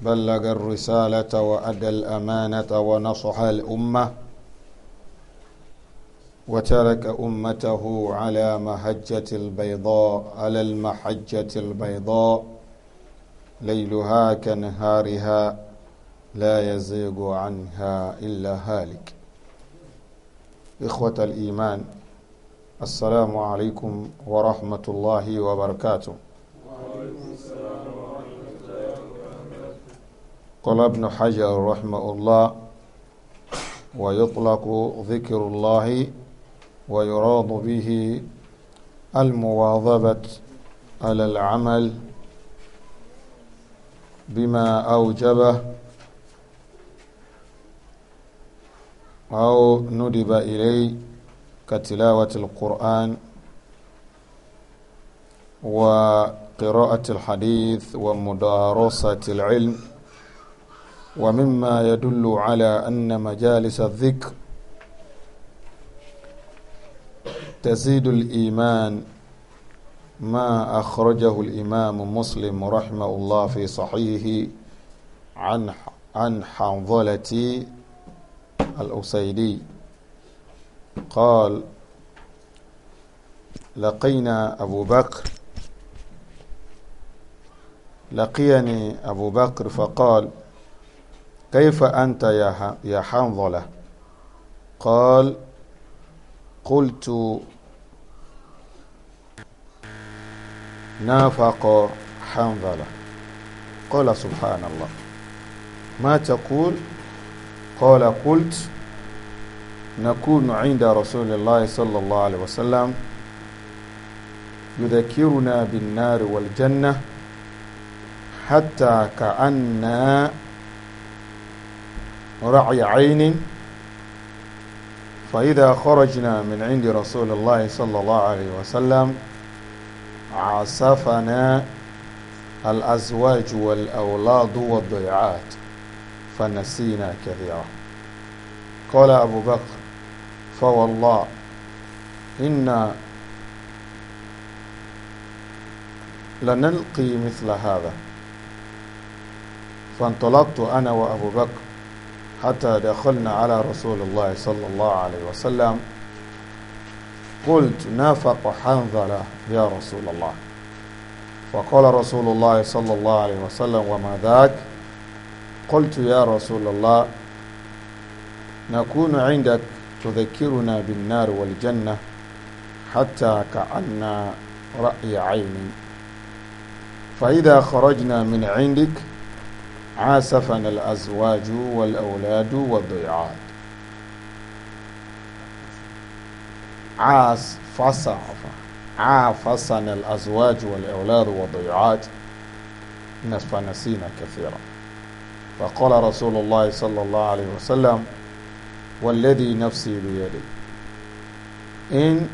بلغ الرسالة وأدى الأمانة ونصح الأمة وترك أمته على مهجة البيضاء على المحجة البيضاء ليلها كنهارها لا يزيغ عنها إلا هالك إخوة الإيمان السلام عليكم ورحمة الله وبركاته قال ابن حجر رحمه الله ويطلق ذكر الله ويراد به المواظبة على العمل بما أوجبه أو ندب إليه كتلاوة القرآن وقراءة الحديث ومدارسة العلم ومما يدل على أن مجالس الذكر تزيد الإيمان ما أخرجه الإمام مسلم رحمه الله في صحيحه عن عن حنظلة الأسيدي قال لقينا أبو بكر لقيني أبو بكر فقال كيف أنت يا يا حنظلة قال قلت نافق حنظلة قال سبحان الله ما تقول قال قلت نكون عند رسول الله صلى الله عليه وسلم يذكرنا بالنار والجنة حتى كأننا رعي عين فإذا خرجنا من عند رسول الله صلى الله عليه وسلم عصفنا الأزواج والأولاد والضيعات فنسينا كثيرا قال أبو بكر فوالله إنا لنلقي مثل هذا فانطلقت أنا وأبو بكر حتى دخلنا على رسول الله صلى الله عليه وسلم قلت نافق حنظلة يا رسول الله فقال رسول الله صلى الله عليه وسلم وما ذاك قلت يا رسول الله نكون عندك تذكرنا بالنار والجنة حتى كأن رأي عين فإذا خرجنا من عندك عاسفنا الأزواج والأولاد والضيعات عاص فصع عافصنا الأزواج والأولاد والضيعات فنسينا كثيرا فقال رسول الله صلى الله عليه وسلم والذي نفسي بيدي إن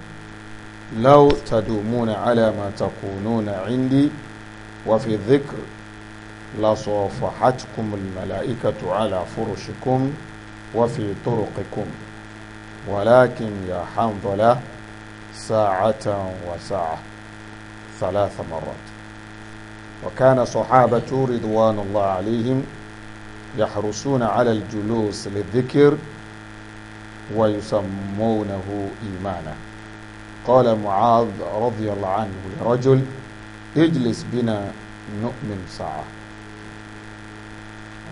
لو تدومون على ما تكونون عندي وفي الذكر لصافحتكم الملائكة على فرشكم وفي طرقكم ولكن يا حنظلة ساعة وساعة ثلاث مرات وكان صحابة رضوان الله عليهم يحرصون على الجلوس للذكر ويسمونه إيمانا قال معاذ رضي الله عنه لرجل اجلس بنا نؤمن ساعه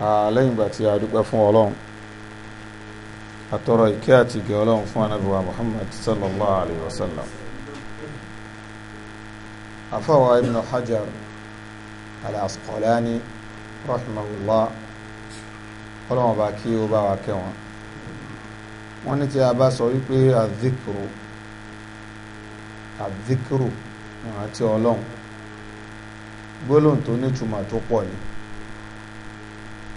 lẹ́yìn ìgbà tí a dúpẹ́ fún ọlọ́run àtọrọ ìkẹ́ àti ìgẹ̀ ọlọ́run fún anábìwá muhammad sallallahu alayhi wa sallam afáwa ibn hajar al-asqalani rahimahullah ọlọ́run bá kí ó bá wa kẹwọn wọ́n ní tí a bá sọ wípé àdíkùrù àdíkùrù ìrántí ọlọ́run gbólóhùn tó nítumọ̀ tó pọ̀ ni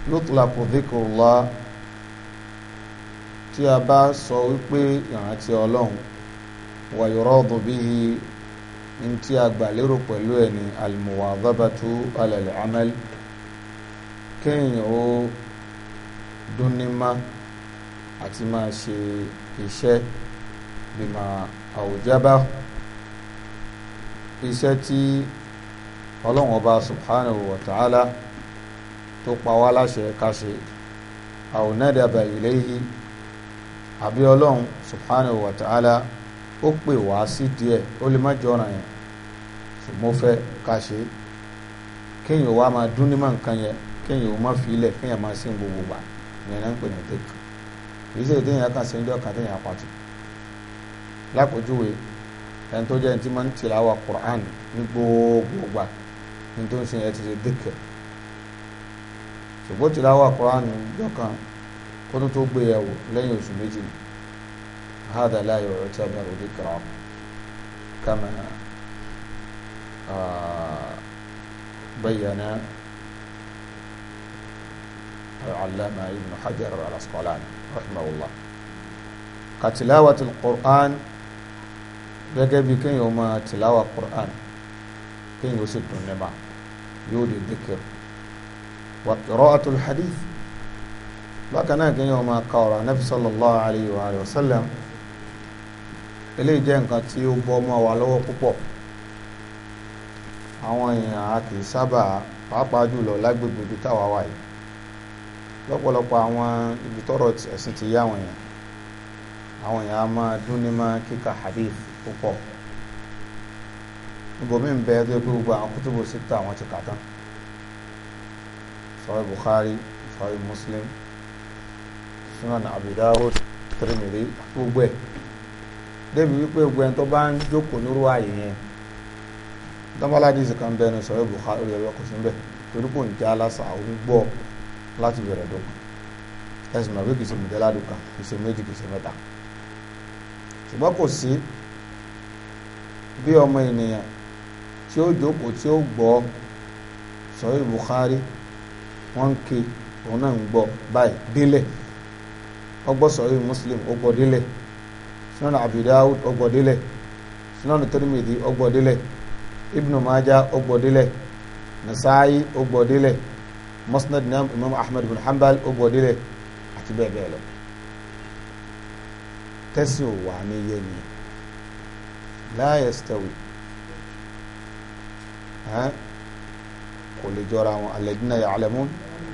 nutlaku dhikrullah tí a bá sọ wípé ìrántí ọlọ́run wa yuradu bihi ní tí a gbà lérò pẹ̀lú ẹ̀ ní almuwadhabatu ala al-amal kéèyàn ó dúnnímá àti máa ṣe iṣẹ́ bímọ àwùjábá iṣẹ́ tí ọlọ́run ọba subhanahu wa ta'ala tó pa wá láṣẹ ká ṣe àwònádàbà ilayhi àbí ọlọ́run subhanahu wa ta'ala ó pè wá sí díẹ̀ ó lè má jọ ọ̀ràn yẹn ṣùgbọ́n fẹ́ ká ṣe kéèyàn wá máa dún ní màǹkan yẹn kéèyàn ó má fi ilẹ̀ kéèyàn máa sí gbogbo gbà ìyẹn náà ń pè ní tẹ́kì kì ṣe téèyàn kan ṣe ń kan téèyàn apàtì lápòjúwe ẹni tó jẹ́ ẹni tí máa ń tìláwà Qur'an ní gbogbo gbà ní tó ń ṣe yẹn ti ṣe dìkẹ̀ ṣùgbọ́n tí láwà kúránì ọjọ́ kan kó tó tó gbé wò lẹ́yìn oṣù méjì ọ̀rọ̀ tí a هذا لا يعتبر ذكرى كما بين العلامة ابن حجر العسقلاني رحمه الله كتلاوة القرآن gẹ́gẹ́ bí kéèyàn máa tìláwà Qur'an kéèyàn ó sì dùn nípa yóò di dìkìrì wa qira'atul hadith bákan náà kéèyàn máa ka ọ̀rọ̀ anábì sallallahu alayhi wa sallam eléyìí jẹ́ nǹkan tí ó bọ́ mọ́ wa lọ́wọ́ púpọ̀ àwọn èèyàn a kì í sábà pàápàá jùlọ lágbègbè ibi táwa wà yìí lọ́pọ̀lọpọ̀ àwọn ibi tọ́rọ̀ ẹ̀sìn ti yá àwọn èèyàn àwọn èèyàn a máa dún ní máa kíka hadith púpọ̀ ibòmí ń bẹ tó yẹ pé gbogbo àwọn kútùbù síta àwọn ti kà tán sahih bukhari sahih muslim sunan abi dawud tirimiri gbogbo ẹ̀ débi wípé gbogbo ẹni tó bá ń jókòó nírú ààyè yẹn dánbàládì ìsìnkan bẹnu sahih bukhari ẹ̀rọ kò sí bẹ́ẹ̀ torí kò ń já lásà àwọn gbọ́ láti bẹ̀rẹ̀ dọ́kun ẹ̀sìn mọ̀ pé kìí ṣe mùdẹ́ládùn kan kìí ṣe méjì kìí ṣe mẹ́ta ṣùgbọ́n kò sí bí ọmọ ènìyàn tí ó jókòó tí ó gbọ́ sọ̀rọ̀ Bukhari wọ́n ń ké òun náà ń gbọ́ báyìí délẹ̀ ọgbọ́sọ̀rọ̀ Muslim ọgbọ́ délẹ̀ Sunan Abi Dawud ọgbọ́ délẹ̀ Sunan Tirmidhi ọgbọ́ délẹ̀ Ibn Majah ọgbọ́ délẹ̀ Nasa'i ọgbọ́ délẹ̀ Musnad nam Imam Ahmad bin Hanbal ọgbọ́ délẹ̀ àti bẹ́ẹ̀ bẹ́ẹ̀ lọ tẹ́sí ò wà ní yẹni la yastawi kò lè jọra àwọn alladhina ya'lamun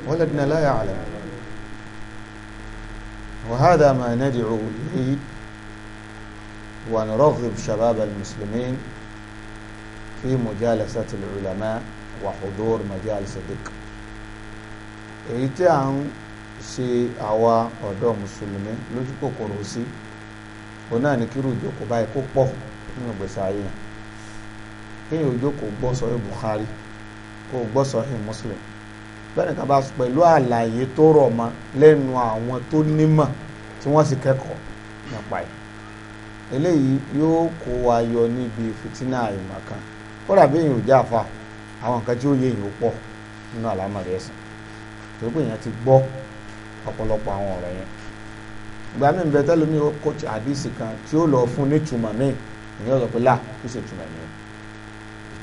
ولدنا لا يعلم وهذا ما ندعو إليه ونرغب شباب المسلمين في مجالسة العلماء وحضور مجالس الذكر èyí tí à ń ṣe àwa ọ̀dọ́ mùsùlùmí lójú kòkòrò sí òun náà ní kírú ìjókòó báyìí kó pọ̀ nínú ìgbésí ayé yẹn kéèyàn ìjókòó gbọ́ sọ́yìn Bukhari kó gbọ́ sọ́yìn Muslim bẹ́ẹ̀ kan bá sọ pẹ̀lú àlàyé tó rọ̀ mọ́ lẹ́nu àwọn tó nímọ̀ tí wọ́n sì kẹ́kọ̀ọ́ nípa ẹ̀ eléyìí yóò kó wa yọ níbi fìtínà àìmọ̀ kan kódà bí èèyàn ò já fa àwọn nǹkan tí ó yé èèyàn pọ̀ nínú àlámọ̀rẹ́ ẹ̀sìn torí pé èèyàn ti gbọ́ ọ̀pọ̀lọpọ̀ àwọn ọ̀rọ̀ yẹn ìgbà mi bẹ tẹlumi ó kóòtù àdìsí kan tí ó lọ fún ní túmọ̀ mi ìyẹn ọ̀rọ̀ pé là kí ṣe túmọ̀ mi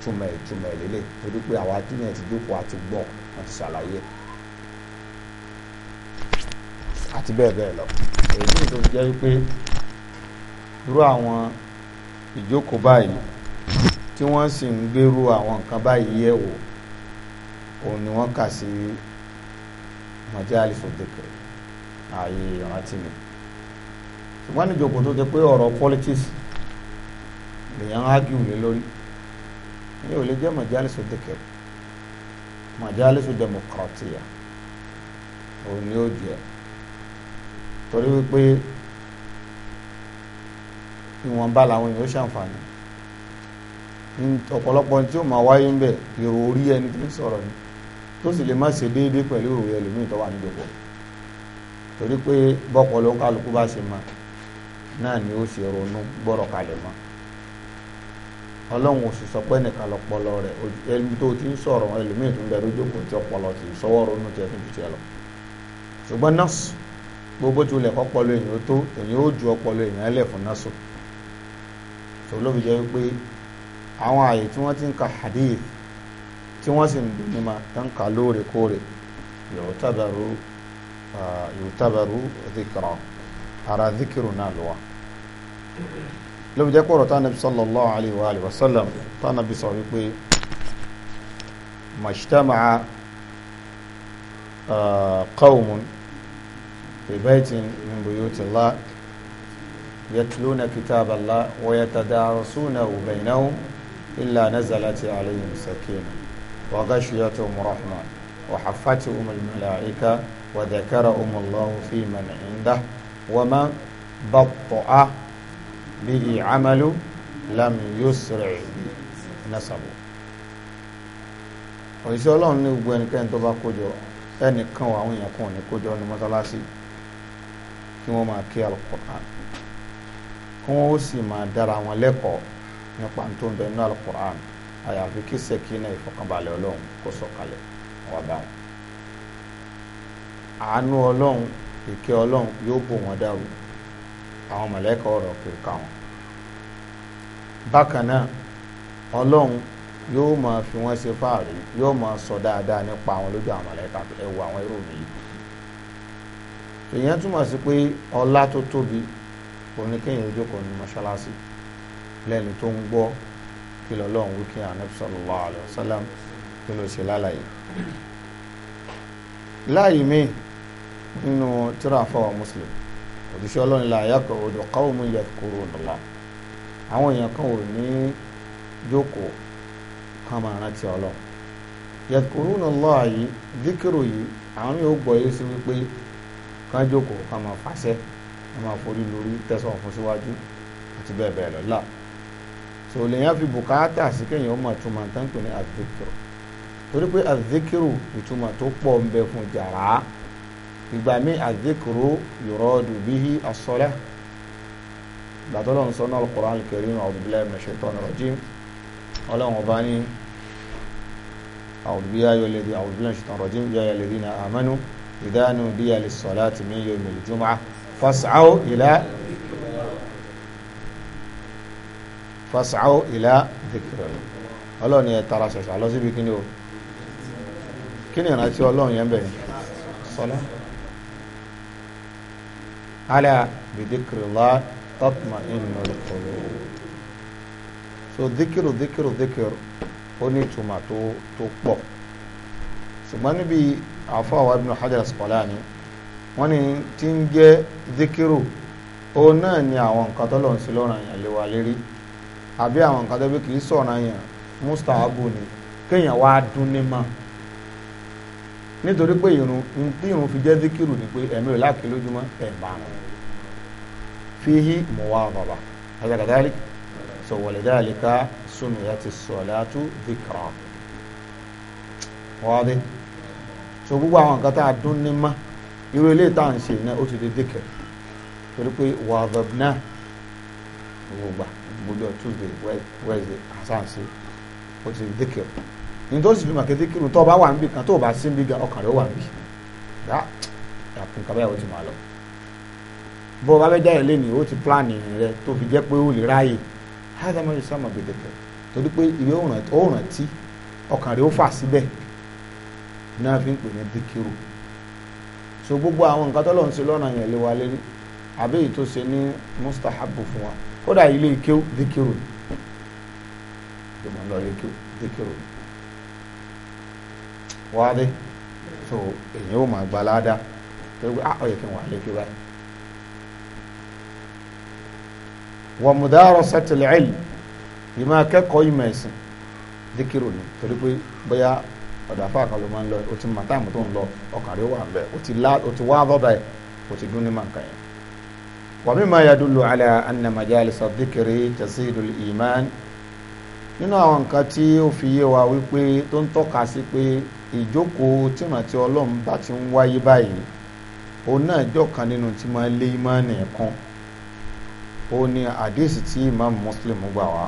túmọ̀ ìtumọ̀ ìlélẹ̀ torí pé àwa tí yẹn ti dúpọ̀ àti gbọ́ wọ́n ti ṣàlàyé àti bẹ́ẹ̀ bẹ́ẹ̀ lọ èyí tó jẹ́ wípé irú àwọn ìjókòó báyìí tí wọ́n sì ń gbèrú àwọn nǹkan báyìí yẹ̀ wò òun ni wọ́n kà sí majalisu dhikr ààyè ìrántí mi ṣùgbọ́n ní ìjókòó tó jẹ́ pé ọ̀rọ̀ politics lèèyàn á ní ò lè jẹ́ majalisu democratia òun ni ó jẹ torí wípé ìwọ̀nba làwọn èèyàn ṣàǹfààní ọ̀pọ̀lọpọ̀ tí ó máa wáyé ń bẹ̀ èrò orí ẹni tó ń sọ̀rọ̀ ni tó sì lè má ṣe déédéé pẹ̀lú òwe ẹlòmíì tó wà nídòpọ̀ torí pé bọ́pọ̀ ló ń kálukú bá ṣe mọ náà ni ó ṣe ronú gbọ́rọ̀ kalẹ̀ mọ́ ọlọ́run ò sì sọ pé nìkan lọ́pọlọ rẹ̀ ẹni tó ti ń sọ̀rọ̀ ẹlòmíì tó ń bẹ̀rù jókòó tí ọpọlọ ti sọ́wọ́ ronú tiẹ̀ fún jùtìẹ̀ lọ. ṣùgbọ́n nọ́ọ̀sì gbogbo tí olè kọ́pọlọ èèyàn tó èèyàn ó ju ọpọlọ èèyàn lẹ̀ fún nọ́ọ̀sì. ṣòwò ló fi jẹ́ pé àwọn àyè tí wọ́n ti ń ka hadith tí wọ́n sì ń dùnmí ma tó ń ka lóòrèkóòrè yòótàbàrú yòótàbàrú dhikra ara dhikiru náà lọ́wọ́ ló fi jẹ́ pọ̀rọ̀ tánàbí sallallahu alayhi wa sallam tánàbí sọ wípé mashtama'a uh, qawmun fi baytin min buyutillah yatluna kitaballah wa yatadarasunahu baynahum illa nazalat alayhim sakina wa ghashiyatuhum rahma wa haffathuhum al-mala'ika wa dhakarahum Allahu fi man 'indahu wa man batta'a bihi amalu lam yusri nasabu òṣìṣẹ́ ọlọ́run ní gbogbo ẹnikẹ́ni tó bá kójọ ẹnìkan àwọn èèyàn kan ò ní kójọ ní mọ́sálásí kí wọ́n máa kí alukur'an kí wọ́n ó sì máa dára wọn lẹ́kọ̀ọ́ nípa tó ń bẹ nínú alukur'an àyàfi kí sẹ́kínà ìfọkànbalẹ̀ ọlọ́run kó sọ̀kalẹ̀ wà bá wọn àánú ọlọ́run ìkẹ́ ọlọ́run yóò bò wọ́n dàrú àwọn mọ̀lẹ́kọ̀ ọ̀rọ̀ kò ká wọn bákan náà ọlọ́run yóò máa fi wọ́n ṣe fáàrí yóò máa sọ dáadáa nípa àwọn lójú àwọn mọ̀lẹ́kà ẹwọ àwọn irú mi yìí èèyàn túmọ̀ sí pé ọlá tó tóbi oníkéyìn ojókòó ní mọ́ṣáláṣí lẹ́ni tó ń gbọ́ kí lọ́lọ́run wí kí Ànábì sallallahu alaihi wasallam kí ló ṣe lálàyé láàyè mi nínú tíráfọ́ Muslim òjíṣẹ́ ọlọ́run la yàkọ̀ odò káwọn yẹkùrú nìlá àwọn èèyàn kan ò ní jókòó kan máa rántí ọlọ́run yẹkùrú nìlá yìí díkìrù yìí àwọn yóò gbọ́ yé sí wípé kan jókòó kan máa fàṣẹ kan máa forí lórí tẹ̀sán fún síwájú àti bẹ́ẹ̀ bẹ́ẹ̀ lọ là so lèyàn fi bùkátà sí kéèyàn ó máa túmọ̀ tán pè ní àdìkìrù torí pé àdìkìrù ìtumọ̀ tó pọ̀ ń bẹ fún jàrá ìgbà mi àdékòrò yuradu bihi as-salah gbàtọ́lọ́ ń sọ náà al-Qur'an al-Karim a'udhu billahi minash shaitanir rajim ọlọ́run ọba ní a'udhu billahi a'udhu billahi minash shaitanir rajim ya ayyuhalladhina amanu idha nudiya lis-salati min yawmil jumu'ah fas'aw ila fas'aw ila dhikrillah ọlọ́run ni ẹ̀ tara ṣẹ̀ṣẹ̀ àlọ́síbi kí ni o kí ni ìrántí ọlọ́run yẹn bẹ̀rẹ̀ sọlá ala bi dhikrillah tatma'innul qulub so dhikiru dhikiru dhikiru ó ní ìtumọ̀ tó tó pọ̀ ṣùgbọ́n níbi àfọwọ́ ibn hajar asqalani wọ́n ní tí ń jẹ́ dhikiru ó náà ni àwọn nǹkan tó lọ́n sí lọ́ràn yẹn lè wà lérí àbí àwọn nǹkan tó bí kì í sọ̀ràn yẹn mustahabu ni kéèyàn wá dún ní mọ́ nítorí pé irun tí irun fi jẹ́ zikiru ni pé ẹ̀mí rẹ̀ láàkì lójúmọ́ ẹ̀bà rẹ̀ fihi muwadaba azakadali sọ walidhalika sumiyati salatu dhikra wọ́ọ́dẹ́ so gbogbo àwọn nǹkan tá a dún ní mọ́ irú ilé tá à ń náà ó ti di dhikr torí pé wàdọ̀bná gbogbo gbogbo tuesday wednesday àṣà ń ó ti di dhikr ní tó sì fi màkété kírun tó o bá wà níbi kan tó o bá sí níbi gan ọkàn rẹ ó wà níbi yá yàtọ̀ nǹkan báyìí ó ti máa lọ bó o bá fẹ́ jáde lẹ́nu ó ti pílánì rẹ tó fi jẹ́ pé ó lè ráàyè háàdà mọ́jú sáàmà gbèdéke torí pé ìwé òòrùn tí ọkàn rẹ ó fà síbẹ̀ náà fi ń pè ní díkìrù so gbogbo àwọn nǹkan tó lọ́n ṣe lọ́nà yẹn lé wa lérí àbí èyí tó ṣe ní mustahabu fún wa kódà ilé ìkéw díkìrù ìgbìmọ̀ lọ ilé ìkéw díkìrù wáde so èyí ò máa gba láàdá tó gbé ah ọ̀yẹ̀ kí n wà lé kí báyìí. wọ́n mú dáárọ̀ sẹ́tìlẹ̀ ẹ̀lì yìí máa kẹ́kọ̀ọ́ ìmọ̀ ẹ̀sìn díkìrò ni torí pé bóyá ọ̀dà afá kan ló máa ń lọ o ti mọ táàmù tó ń lọ ọkàn rẹ wà bẹ́ẹ̀ o ti wá rọ́bà ẹ̀ o ti dún ní màǹkà yẹn. wàmí máa yàdúlò alẹ́ anna díkìrì tasidul iman nínú àwọn nǹkan tí ó fi yé wa wípé tó ń tọ́ka sí pé ìjókòó tìrántí ọlọ́run bá ti ń wáyé báyìí òun náà jọ nínú tí máa lé ìmánì kan ó ní àdéhìsì tí imam muslim gbà wá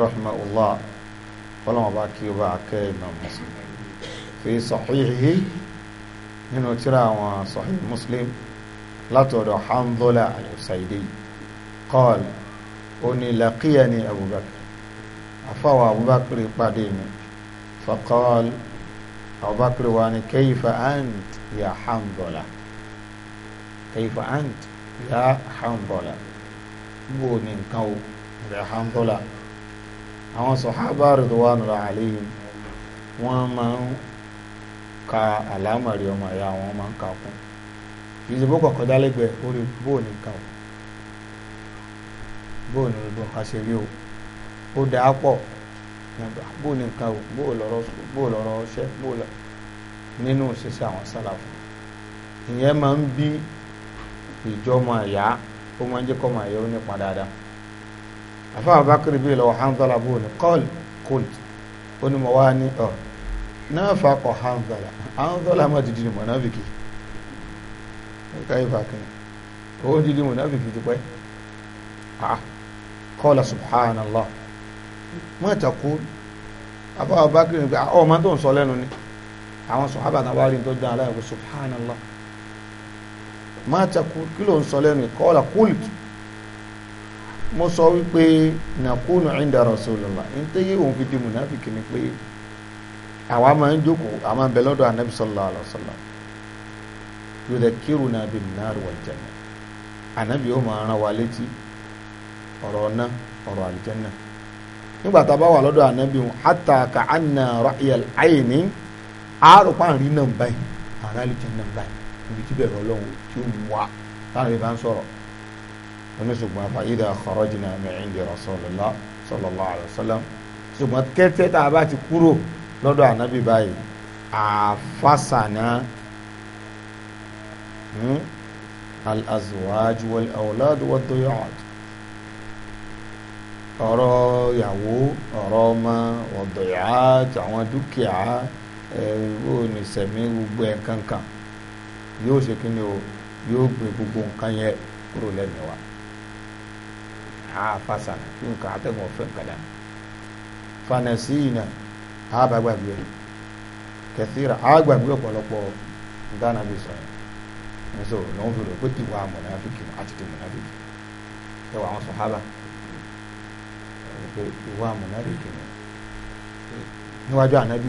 rahmaullah ọlọ́run bá kí o bá kẹ́ imam muslim fi sahihi nínú tírà àwọn sahih muslim látọ̀dọ̀ hamdullah al-usaidi qala ó ní laqiyani abubakar afáwọn abubakar pàdé mi faqal abubakar wa ni kayfa ant ya handola kayfa ant ya handola bó ni nǹkan o rẹ̀ handola àwọn sọ̀hábà ridwanullahi alayhim wọ́n máa ń ka àlámọ̀rí ọmọ ẹ̀yà wọn máa ń ka kún ìdìbò kọ̀ọ̀kan dálẹ́gbẹ̀ẹ́ orí bóòní nǹkan o bóòní gbogbo nǹkan ṣe rí o. ó dáa pọ̀ bó ní nǹkan o bó lọ́rọ̀ bó ṣẹ́ bó lọ nínú ṣiṣẹ́ àwọn sálàfù ìyẹn máa ń bí ó máa ń jẹ́ ó dáadáa àfa Hanzala bó ní ó ní wá ní ọ̀ Hanzala Hanzala ti di ó di ti pẹ́ subhanallah. mọ́ ìtàkù abáwọ̀ bá kiri nípa ọmọ tó ń sọ lẹ́nu ni àwọn sọ̀hábà náà wá rí tó dán aláìwọ̀ subhanallah mọ́ ìtàkù kí ló ń sọ lẹ́nu kọ́ọ̀lá kúlìtù mo sọ wípé nàkúnù inda rasulullah ní tẹ́yẹ òun fi di mùnàfíkì ni pé àwa máa ń jókòó àwa máa ń bẹ lọ́dọ̀ anabi sallallahu alaihi wasallam yudhakiruna bin nar yóò máa rán wa létí ọ̀rọ̀ náà ọ̀rọ̀ àlùjẹ́nà nígbà tá a bá wà lọ́dọ̀ ànábì wọn hatta ka anna ra'yal ayni àárò pàǹrí náà báyìí àrà lè jẹ́ náà báyìí ibi tí bẹ̀rẹ̀ ọlọ́run tí ó wà táwọn ìbá ń sọ̀rọ̀ oníṣùgbọ́n afa idha kharajna min indi rasulillah sallallahu alaihi wasallam ṣùgbọ́n kété tá a bá ti kúrò lọ́dọ̀ ànábì báyìí àfàsànà hmm, al-azwaj wal-awlad ọ̀rọ̀ ìyàwó ọ̀rọ̀ ọmọ ọ̀dọ̀ ìyá àwọn dúkìá ẹ̀rọ ìsẹ̀mí gbogbo ẹ̀ kankan yóò ṣe kí ni o yóò gbé gbogbo nǹkan yẹn kúrò lẹ́nu wa àfàṣà kí nǹkan ọ̀fẹ́ nǹkan kẹsíra ọ̀pọ̀lọpọ̀ gánà bí lọ́n fi rò pé àti ti àwọn pé ìwà àmọ̀nárìkì ni níwájú ànábì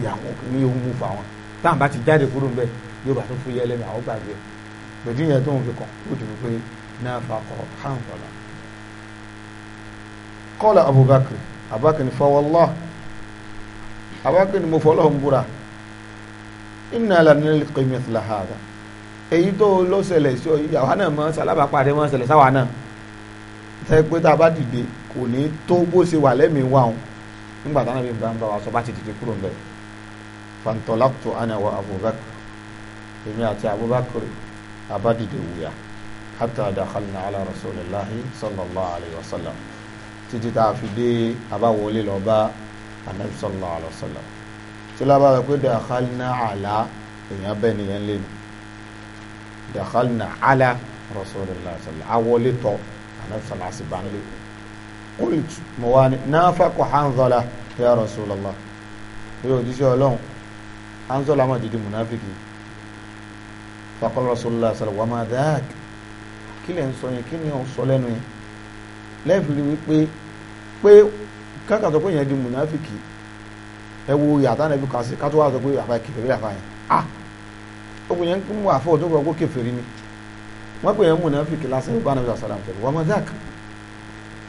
àwọn ti jáde kúrò yóò bá fún àwọn fi kàn ó dùn pé náà kọ́lá abubakar abubakar ni fọwọ́lá abubakar ni mo fọlọ́ ń búra iná lànà kìmí ìtìlá hàdà èyí tó kò ní tó bó ṣe wà lẹ́mìí wà wọn nígbà táwọn ẹbí bá ń bá wa sọ bá ti tètè kúrò ńbẹ fantolakto ana wa abubakar èmi àti abubakar abadìde wuya hatta dakhalna ala rasulillahi sallallahu alayhi wa sallam títí tá a fi dé abáwọlé lọ bá anabi sallallahu alayhi wa sallam tí lábà rẹ pé dakhalna ala èèyàn bẹ́ẹ̀ nìyẹn lé mi dakhalna ala rasulillahi sallallahu alayhi wa sallam awọlé tọ anabi sallallahu alayhi wa sallam point mo wá ní náfàkù hanzọ́lá ya Rasulullah eré òjíṣẹ́ ọlọ́run hanzọ́lá máa dìde mùnáfíkì faqala Rasulullah sọ̀rọ̀ wà máa dáàk kí lè ń sọ yẹn kí ni ò ń sọ lẹ́nu yẹn lẹ́ẹ̀fìrí wípé pé kákàtọ́ ya di na ebi kasi k'a nàbí kan sí ya wà sọ pé àfa ah ogun yẹn ń wà fọ́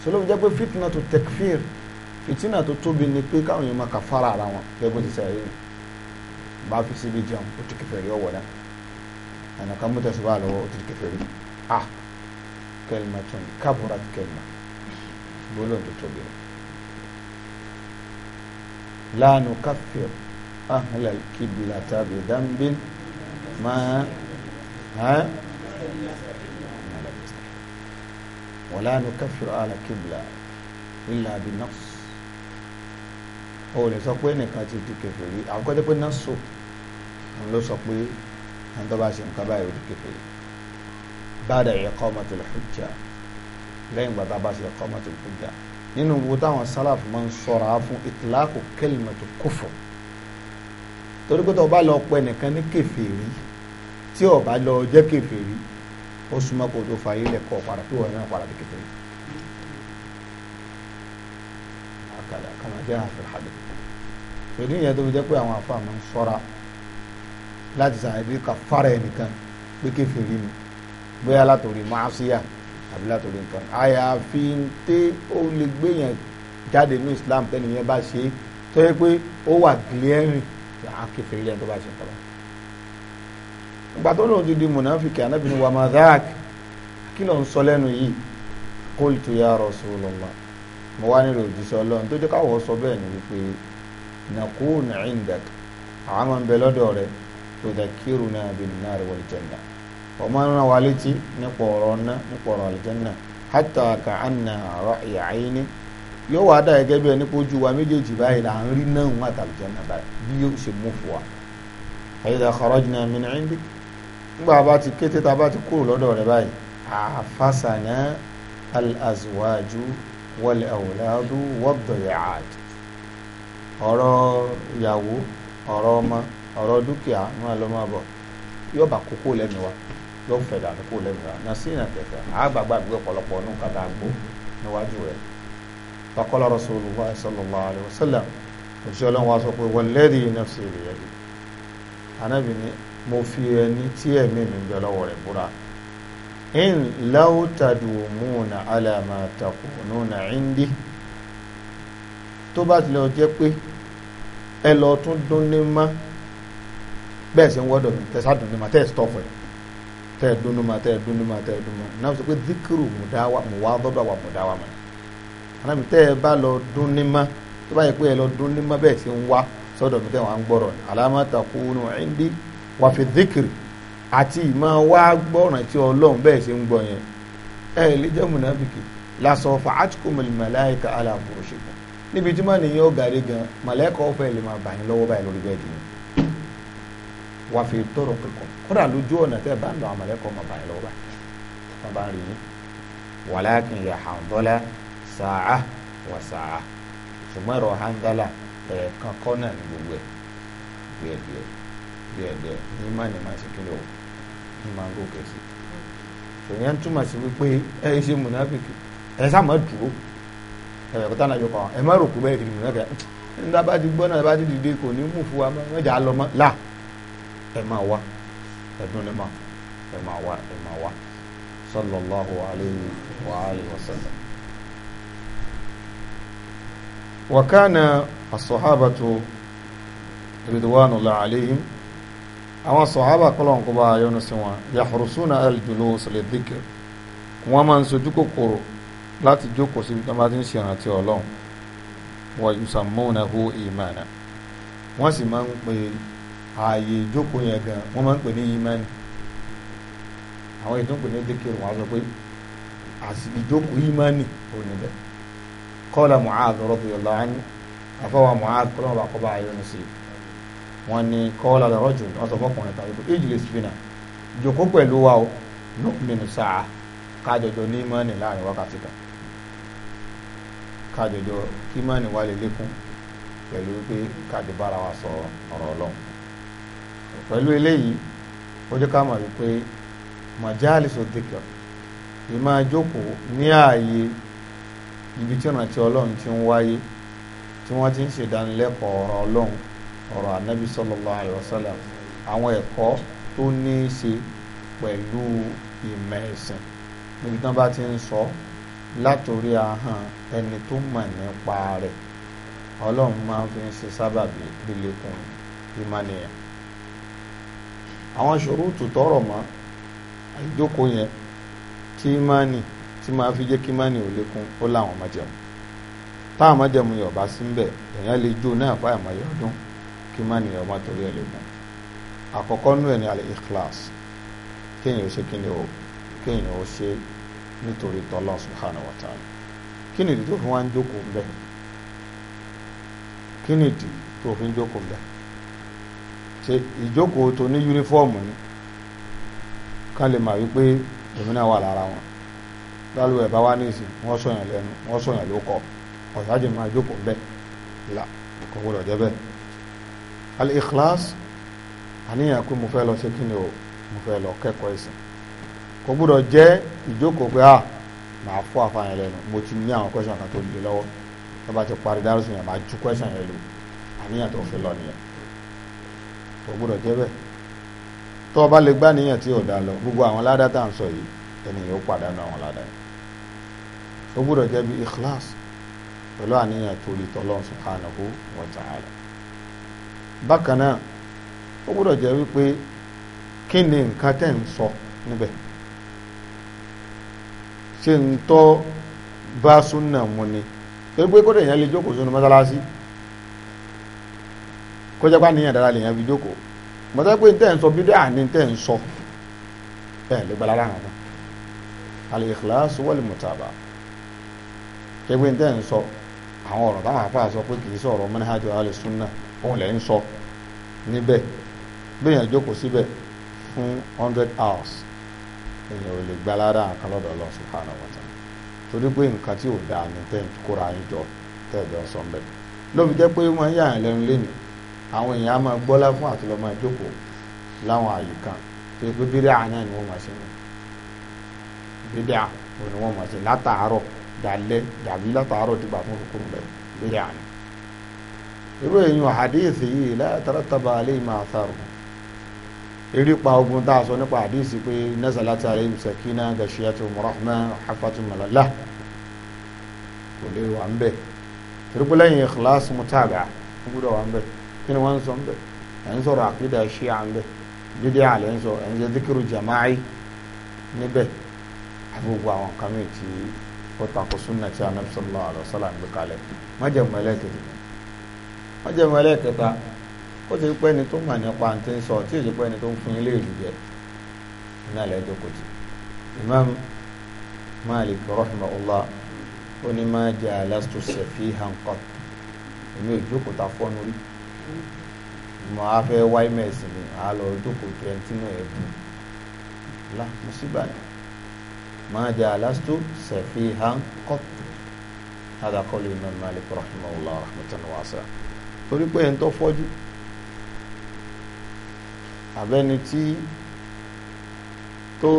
sọlọ́ fi jẹ́ pé fitna tó tekfir fitina tó tóbi ni pé káwọn èèyàn máa kà fara ara wọn gẹ́gẹ́ ti sẹ́yìn yìí bá fi síbi jẹun ó ti kẹfẹ́ rí ọ̀wọ́ náà ẹ̀nà kan mú tẹ̀síwá lọ́wọ́ ó ti kẹfẹ́ rí ah kẹlìmà tún kábùrà ti kẹlìmà tó tóbi la nukaffir ahlal kiblata bi dhanbin máa wala nukaffiru ala kibla illa bi nafs o lè sọ pé nìkan ti di kèfèrí àkọ́kọ́ tó pé náà sọ òun ló sọ pé àwọn tó bá ṣe nǹkan báyìí ó di kèfèrí ba'da iqamatil hujja lẹ́yìn gbàtà bá ṣe iqamatil hujja nínú wo táwọn sálàfù máa ń sọ̀rọ̀ á fún itlaqu kalimatu kufr torí pé tó o bá lọ pẹ́ nìkan ní kèfèrí tí o bá lọ jẹ́ kèfèrí ó súnmọ́ kó tó fàyè lẹ̀ kọ́ padà tó wọ̀nyí náà padà tó kékeré. àkàlà kàmá jẹ́ àfẹ́ hadith. ìdí ìyẹn tó fi jẹ́ pé àwọn afa máa ń sọ́ra láti sàyẹ̀dí ka fara ẹnìkan pé kéferì ni bóyá látòrí máṣíyà àbí látòrí nǹkan. àyàfi tẹ ó lè gbé jáde ní Islam tẹ́niyẹn bá ṣe é tó pé ó wà gílẹ́rìn àkéferì ah, lẹ́yìn tó bá ṣe nǹkan ìgbà tó lóun ti di mùnàfíkì anábì ní wàmádáàk kí ló ń sọ lẹ́nu yìí qultu ya Rasulullah mo wá nílò òjíṣẹ́ ọlọ́run tó jẹ́ káwọ́ sọ bẹ́ẹ̀ ni wípé nakunu indak àwọn máa ń bẹ lọ́dọ̀ rẹ tudhakiruna bin nar wal janna ọmọ náà wà létí nípa ọ̀rọ̀ ọ̀nà nípa ọ̀rọ̀ àlìjẹ́nà hatta ka'anna ra'i ayni yóò wá dà gẹ́gẹ́ bí ẹni pé ojú wa méjèèjì báyìí là ń rí náà wọn àtàlìjẹ́nà báyìí bí yóò ṣe mú fún wa. fa idha kharajna min indik nígbà bá ti kété tá a bá ti kúrò lọ́dọ̀ rẹ̀ báyìí àfàsànà al-azwaju wal-awladu wad-dayat ọ̀rọ̀ ìyàwó ọ̀rọ̀ ọmọ ọ̀rọ̀ dúkìá ní wọn lọ máa bọ̀ yóò bá kókó lẹ́nu wa yóò fẹ̀ dànù kó lẹ́nu wa nà sí ìnà kẹfẹ́ àgbàgbà gbé ọ̀pọ̀lọpọ̀ ọ̀nù kàtà gbó níwájú rẹ̀ faqala rasulullahi mo fi ẹni tí ẹ̀mí mi gbẹ lọ́wọ́ rẹ̀ búra in law tadumuna ala ma takununa indi tó bá tilẹ̀ jẹ́ pé ẹ lọ tún dún ní mọ́ bẹ́ẹ̀ sì ń wọ́dọ̀ mi tẹ̀sán dún ní mọ́ tẹ̀sán tọ̀ fún ẹ tẹ̀ dún ní mọ́ tẹ̀ ní mọ́ tẹ̀ ní mọ́ náà sọ pé díkìrù mùdáwà mùwádọ́dọ̀ wà mùdáwà mọ́ àná tẹ́ ẹ bá lọ dún ní mọ́ tó bá yẹ pé ẹ dún ní mọ́ bẹ́ẹ̀ sì wá sọ́dọ̀ mi tẹ́ wọ́n ń gbọ́rọ̀ alámọ́ta kúnú ẹ̀ ń dín wàfi díkìrì àti ìmọ̀ wá gbọ́ràn tí ọlọ́run bẹ́ẹ̀ ṣe ń gbọ́ yẹn ẹ lè jẹ́ mùnàfíkì lásán fa atikumul màláìka aláàbòròṣègùn níbi tí màá nìyẹn ó gàrí gan màláìka ọ̀fẹ́ lè máa bà yín lọ́wọ́ báyìí lórí bẹ́ẹ̀dì yẹn wàá fi tọrọ kankan kódà lójú ọ̀nà tẹ́ bá ń lọ àmàlẹ́kọ̀ ọmọ bàyìí lọ́wọ́ báyìí wọ́n díẹ̀díẹ̀ الصحابة رضوان الله عليهم àwọn sọ̀hábà kọ́lọ́n kó bá yọnu sí wọn yahrusuna al-julus lidhikr wọ́n máa ń sojú kòkòrò láti jókòó síbi tó bá ti ń ṣèrántí ọlọ́run wa yusammunahu imana wọ́n sì máa ń pe ààyè ìjókòó yẹn gan wọ́n máa ń pè ní imani àwọn ètò ń pè ní dhikr wọn á sọ pé ìjókòó imani ò ní bẹ́ẹ̀ qala Mu'adh radiyallahu anhu àfọwọ́ wọn ní kọ́ọ́lá lọ́rọ́ jù ọ̀sọ̀ fọkùnrin jòkó pẹ̀lú wa kájọjọ ní mọ́ọ̀nì láàrin wákàtí kan kájọjọ kí mọ́ọ̀nì lè lékún pẹ̀lú pé kájọ bára wa sọ ọ̀rọ̀ ọlọ́run pẹ̀lú eléyìí ó jẹ́ ká mọ̀ wípé jókòó ní ààyè ibi tí ọ̀nà tí ọlọ́run ti ń wáyé tí wọ́n ti ń ṣèdánilẹ́kọ̀ọ́ ọ̀rọ̀ ọlọ́run ọ̀rọ̀ anabi sallallahu alayhi wa sallam àwọn ẹ̀kọ́ tó ní í ṣe pẹ̀lú ìmọ̀ ẹ̀sìn níbi tí wọ́n bá ti ń sọ látòrí ahọ́n ẹni tó mọ̀ nípa rẹ̀ ọlọ́run máa ń fi ṣe sábàbí lílekùn ìmánìyàn àwọn ṣòrútù tọrọ mọ ìjókòó yẹn kí ìmánì tí máa fi jẹ́ kí ìmánì ò lékún ó láwọn májẹ̀mú táwọn májẹ̀mú yọ̀ọ̀bá sí ń bẹ̀ èèyàn lè jó náà fáyàmọ́ yọ̀ọ́dún kí má nìyẹn ọmọ torí ẹ̀ lógun àkọ́kọ́ nú ẹ̀ ní alẹ́ ikhlas kéèyàn ó ṣe kí ni o kéèyàn ó ṣe nítorí tọ́lọ́ subhanahu wa ta'ala kí nìdí tó fi wá ń jókòó bẹ́ẹ̀ kí nìdí tó fi ń jókòó bẹ́ẹ̀ ṣe ìjókòó tó ní yúnífọ́ọ̀mù ni ká lè mà wípé èmi náà wà lára wọn lálù bá wá ní wọ́n sọ̀yàn lẹ́nu wọ́n sọ̀yàn ló kọ ọ̀sájì máa jókòó bẹ́ẹ̀ là kò gbọdọ̀ jẹ́ bẹ́ẹ̀ al-ikhlas àníyàn pé mo fẹ́ lọ ṣe kí ni o mo fẹ́ lọ kẹ́kọ̀ọ́ ẹ̀sìn kò gbúdọ̀ jẹ́ ìjókòó pé a ah, màá fọ́ àfààyàn lẹ́nu mo ti ní àwọn question kan tó lè lọ́wọ́ tó bá ti parí dárúsùn yẹn màá ju question yẹn lò àníyàn tó fi lọ nìyẹn kò gbúdọ̀ jẹ́ bẹ́ẹ̀ tó o bá lè gbá níyàn tí ò dá lọ gbogbo àwọn ládá tá à ń sọ yìí ènìyàn ó pàdánù àwọn ládá yìí ó gbúdọ̀ jẹ́ bí ikhlas pẹ̀lú àníyàn torí tọ́lọ́run subhanahu wa ta'ala bákan náà ó gbọ́dọ̀ jẹ́ wípé kí ni nǹkan tẹ́ ń sọ níbẹ̀ ṣe ń tọ́ bá súnà mu ni torí pé kó lèèyàn lè jókòó sínú mọ́sálásí kó jẹ́ pé àníyàn dára lèèyàn fi jókòó mọ́tẹ́ pé tẹ́ ń sọ bídẹ́ àní tẹ́ ń sọ ẹ̀ lè gbala lára kan al-ikhlas wal-mutaba pé tẹ́ ń sọ àwọn ọ̀rọ̀ táwọn afáà sọ pé kì í òun lẹ̀ ń sọ níbẹ̀ gbẹ̀yàn jókòó síbẹ̀ fún hundred hours èèyàn ò lè gba lára nǹkan lọ́dọ̀ Allah subhanahu wa ta'ala torí pé nǹkan tí ò dáa ni tẹ́ ń kóra yín jọ tẹ́ ẹ̀jọ́ sọ ń bẹ̀ lóbi jẹ́ pé wọ́n yà yàn lẹ́nu lẹ́nu àwọn èèyàn á máa gbọ́lá fún àti máa jókòó láwọn àyè kan pé bídíà náà ni wọ́n máa ṣe bídíà ni wọ́n máa ṣe látàárọ̀ dalẹ́ dàbí látàárọ̀ dìgbà fún kúrò bẹ́ẹ̀ bídíà ni irú èyàn hadith yìí la tarattaba alayhi ma'tharu erípa ogun tá a sọ nípa hadith pé nazalat alayhim sakina ghashiyatuhum rahma hafatum malallah kò lè wà ń bẹ̀ torípé lẹ́yìn ikhlas mutaba'a ń gbúdọ̀ wà ń bẹ̀ kí ni wọ́n ń sọ ń bẹ̀ ẹ̀ ń sọ̀rọ̀ àkídà ṣíà ń bẹ̀ dídí àlẹ́ ń sọ ẹ̀ ń ṣe díkìrù jama'i níbẹ̀ àgbogbo àwọn nǹkan mìíràn tí ó takò súnà tí anabi sallallahu alaihi wasallam gbé kalẹ̀ májèmọ́ ẹlẹ́kẹ̀ẹ́ wọ́n jẹ́ mọ́lẹ́ kẹta ó ti pẹ́ ni tó mà nípa àti sọ tí èyí pẹ́ ni tó ń fún ilé ìlú jẹ ní alẹ́ jókòtì Imam Malik rahimahullah ó ní má jẹ́ alastu safihan qat èmi ò jókòtà fọ́nù rí mo á fẹ́ wáyé mẹ́sìn mi àá lọ jókòtì ẹni tí mo ẹ̀ bù la musiba ni ma jalastu safihan qat هذا قول الإمام مالك رحمه الله رحمة واسعة torí pé ẹni tó fọ́jú àbẹ́ni tí tó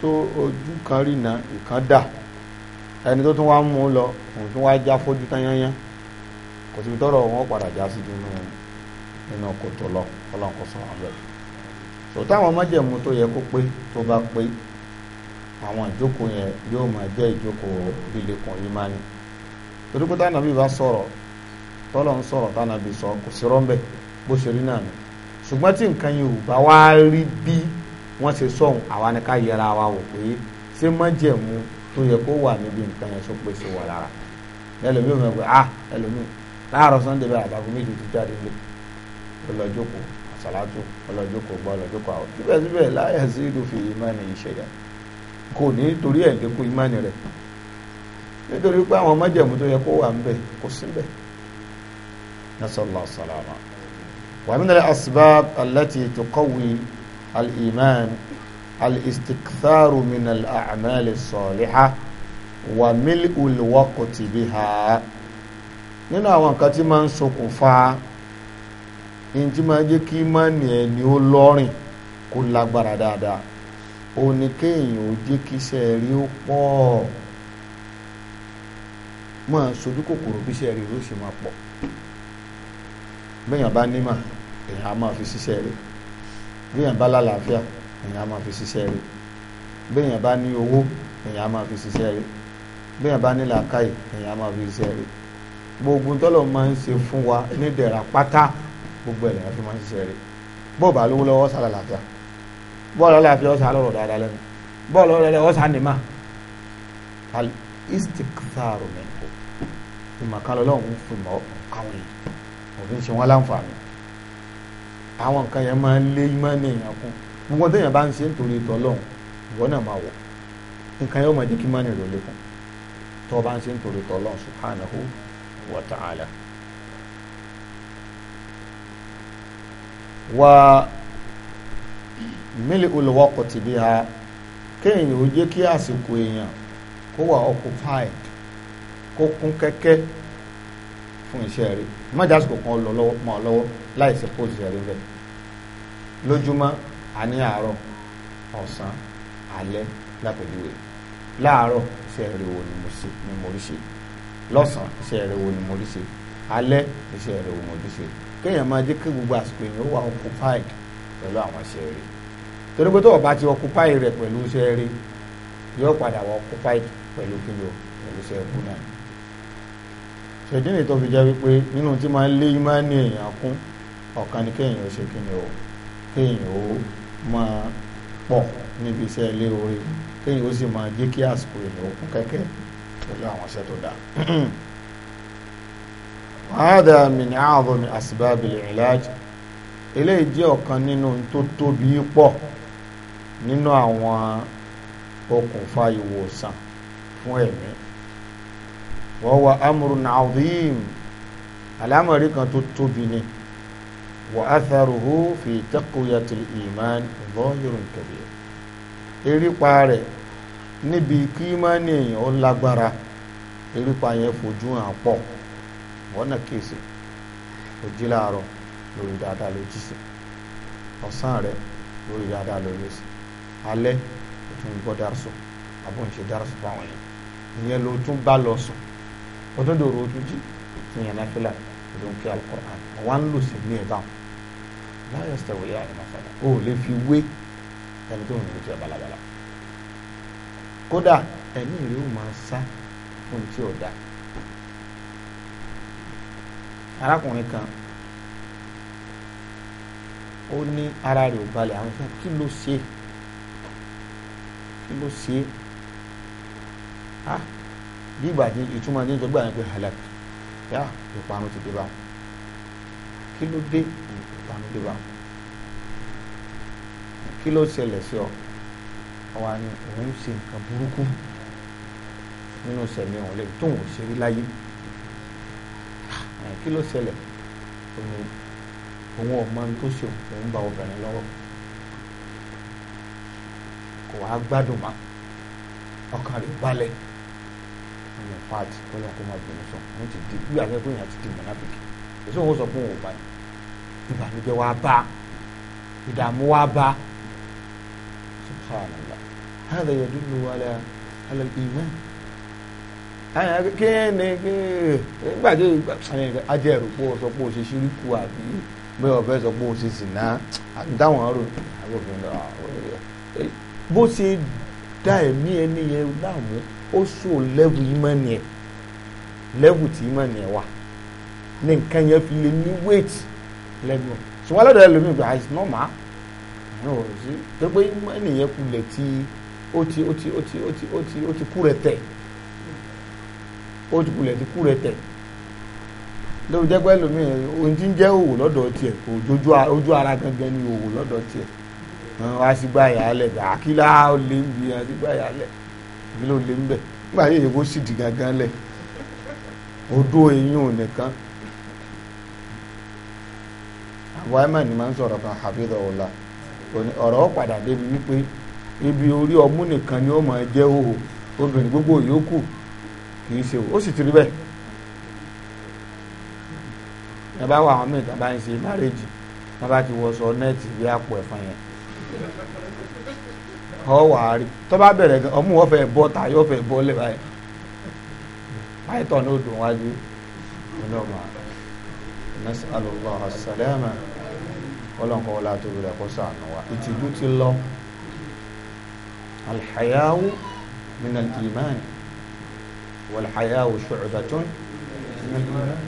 tó ojú kan rìnà ìkan dà ẹni tó tún wá ń mú lọ òun tún wá já fọ́jú tán yányán kò síbi tọrọ wọn padà já sí dunu nínú kòtò lọ ọlọ́nkọ sọ wọn bẹ́ẹ̀ so táwọn májẹ̀mú tó yẹ kó pé tó bá pé àwọn ìjókòó yẹn yóò máa jẹ́ ìjókòó lílekùn yìí máa ní torí pé táwọn nàbí bá sọ̀rọ̀ tọ́lọ̀ ń sọ̀rọ̀ tánàbí sọ kò sí rọ́ńbẹ́ bó ṣe rí náà nù ṣùgbọ́n tí nǹkan yẹn ò bá wá rí bí wọ́n ṣe sọ̀hún àwa ni ká yẹra wa wò pé ṣé májẹ̀mú tó yẹ kó wà níbi nǹkan yẹn sọ pé ṣe wà lára ẹlòmíì mọ̀ pé ah ẹlòmíì láàárọ̀ sunday bẹ́ẹ̀ àtàkù méjì ti jáde lé ọlọ́jọ́kọ̀ àṣàlátù ọlọ́jọ́kọ̀ gbọ́ ọlọ́jọ́kọ̀ àwọn síbẹ̀síbẹ̀ láyà sí ìdòfin ìmánì ìṣẹ̀dá kò ní torí ẹ̀ dínkù ìmánì rẹ̀ nítorí pé نسأل الله السلامة ومن الأسباب التي تقوي الإيمان الاستكثار من الأعمال الصالحة وملء الوقت بها nínú àwọn nǹkan tí máa ń ṣokùnfà ní tí máa jẹ́ kí mánì ẹ̀ ni ó lọ́rìn kó lágbára dáadáa ó ní kéèyàn ó jẹ́ kí iṣẹ́ rí ó pọ̀ máa sojú kòkòrò bí iṣẹ́ rí ó sì máa pọ̀ bẹ́yàn bá nímọ̀ èyàn á máa fi ṣiṣẹ́ rẹ̀ bẹ́yàn bá lálàáfíà èyàn á máa fi ṣiṣẹ́ rẹ̀ bẹ́yàn bá ní owó èyàn á máa fi ṣiṣẹ́ rẹ̀ bẹ́yàn bá ní làákàyè èyàn á máa fi ṣiṣẹ́ rẹ̀ gbogbo tọ́lọ̀ máa ń ṣe fún wa nídẹ̀ra pátá gbogbo ẹ̀ lèyàn fi máa ń ṣiṣẹ́ rẹ̀ bọ́ọ̀ bá lówó lọ́wọ́ sálà làáfíà bọ́ọ̀lù ọlọ́àfíà ọ̀sán lọ́rọ̀ dáadáa lẹ́nu bọ́ọ̀lù ọlọ́rẹ̀ ọ̀sán ni mà ń ṣe wọ́n láǹfààní àwọn nǹkan yẹn máa ń lé máa ń ní èèyàn kún gbogbo téèyàn bá ń ṣe nítorí tọ́lọ́hún ìwọ náà máa wọ̀ nǹkan yẹn ó máa jẹ́ kí máa ìrọ̀lẹ́ kún tó o bá ń ṣe nítorí tọ́lọ́hún subhanahu wa ta'ala. wa mílí olùwọ́kọ̀ tì bí ha kéèyàn ó jẹ́ kí àsìkò èèyàn kó wà occupied kó kún kẹ́kẹ́ fún iṣẹ́ rẹ̀ má jà sùkò kan lọ lọ́wọ́ mọ́ lọ́wọ́ láì sí kó iṣẹ́ rẹ̀ bẹ̀ lójúmọ́ àní àárọ̀ ọ̀sán alẹ́ lápẹ̀júwe láàárọ̀ iṣẹ́ rẹ̀ wo ni mo ṣe ni mo rí ṣe lọ́sàn iṣẹ́ rẹ̀ wo ni mo rí ṣe alẹ́ iṣẹ́ rẹ̀ wo ni mo rí ṣe kéèyàn máa jẹ́ kí gbogbo àsìkò yẹn ó wà occupied pẹ̀lú àwọn iṣẹ́ rẹ̀ torí pé tó o bá ti occupy rẹ̀ pẹ̀lú iṣẹ́ rẹ̀ yóò padà wà occupied pẹ̀lú kí ló pẹ̀lú iṣẹ́ ẹ̀kú náà ìdí nìyí tó fi jẹ́ wípé nínú tí máa ń lé ìmánì èèyàn kún ọ̀kan ni kéèyàn ó ṣe kéèyàn ó kéèyàn ó máa pọ̀ níbi iṣẹ́ ilé orí kéèyàn ó sì máa jẹ́ kí àsìkò èèyàn ó kún kẹ́kẹ́ pẹ̀lú àwọn iṣẹ́ tó dáa. wàhádà min a'zami asbabil ilaj eléyìí jẹ́ ọ̀kan nínú tó tóbi pọ̀ nínú àwọn okùnfà ìwòsàn fún ẹ̀mí wa huwa amrun azim alámọ̀rí kan tó tóbi ni wa atharuhu fi taqwiyatil iman zahirun kabir erípa rẹ̀ níbi kí ìmánì èèyàn ó lágbára erípa yẹn fojú hàn pọ̀ wọ́n náà kíyèsí ojí láàárọ̀ lórí dáadáa ló sí ọ̀sán rẹ̀ lórí dáadáa ló sí alẹ́ ó tún gbọ́ dárúsọ àbúrò ń ṣe dárúsọ fáwọn yẹn ìyẹn ló tún bá lọ sùn o tún dòrò ojú jí ti yẹn náà fílà o tún kí alukur'an wà ń lò sí ní ẹ̀ báwọn láyọ̀ sọ̀rọ̀ yà ẹ̀ mọ̀sálà o ò lè fi wé ẹni tó ń lò jẹ́ balabala kódà ẹ̀mí rẹ̀ ó máa sá fún tí ò dá arákùnrin kan ó ní ara rẹ̀ ò balẹ̀ àwọn fún kí ló ṣe kí ló ṣe ah bí ìgbà tí ìtumọ̀ ní ìjọba yẹn pé halak yá ìparun ti dé bá kí ló dé ìparun dé bá kí ló ṣẹlẹ̀ sí ọ ọwọ́ ni òun ṣe nǹkan burúkú nínú sẹ̀mí òun lẹ́yìn tóun ò ṣe rí láyé kí ló ṣẹlẹ̀ òun ọmọ tó ṣe òun bá obìnrin lọ́wọ́ kò wá gbádùn mọ́ ọkàn rẹ̀ balẹ̀ part kọ́lọ́ kó máa bẹ̀rù sọ wọ́n ti di bí àwọn ẹgbẹ́ yẹn ti di mọ̀nàbìkì èso wọn sọ fún wọn bá ìbànújẹ́ wa bá ìdààmú wa bá subhanallah hàdà yẹ dúdú wàlẹ alẹ ìmọ̀ kéèní gbàdé ajé ẹ̀rù pọ̀ sọ pé o ṣe ṣíríkù àbí bẹ́ẹ̀ ọ̀fẹ́ sọ pé o ṣe sìnà àti táwọn ọ̀rọ̀ àbòfin lọ bó ṣe dá ẹ̀mí ẹni yẹn láàmú. ó sùn lẹ́bù ìmánì ẹ̀ wa tí ìmánì fi le ni wéètì lẹ́nu ẹ̀ ṣùgbọ́n gba ah, normal n'ozi sí tó pé ti ó ti ó ti ó ti ó ti ó ti oji rẹ̀ tẹ̀ owo ti ti kú rẹ̀ tẹ̀ ni kí ló lè ń bẹ̀ nígbà yẹn èyí kò sì di gàgán lẹ̀ odó eyín ò nìkan àwọn ẹ̀mọ̀ ń sọ̀rọ̀ kan àfihàn ọ̀la ọ̀rọ̀ padà débi wípé ibi orí ọmú nìkan ni ó máa jẹ́ òhò obìnrin gbogbo yòókù kì í ṣe ó sì ti rí bẹ́ẹ̀ ẹ bá wà àwọn mìíràn bá ń ṣe márèjì bá ti nẹ́ẹ̀tì bí àpò ẹ̀fọn yẹn ọ wà á rí tó bá bẹ̀rẹ̀ gan ọmú wọn fẹ́ bọ́ ta yóò fẹ́ bọ́ lẹ́ báyìí python ó dùn wájú ọlọ́mọ nasalullah asalama ọlọ́nkọ́ wọlé àti obìnrin kó sànù wa ìtìjú ti lọ alḥayáwó min al-iman والحياء شعبة من الإيمان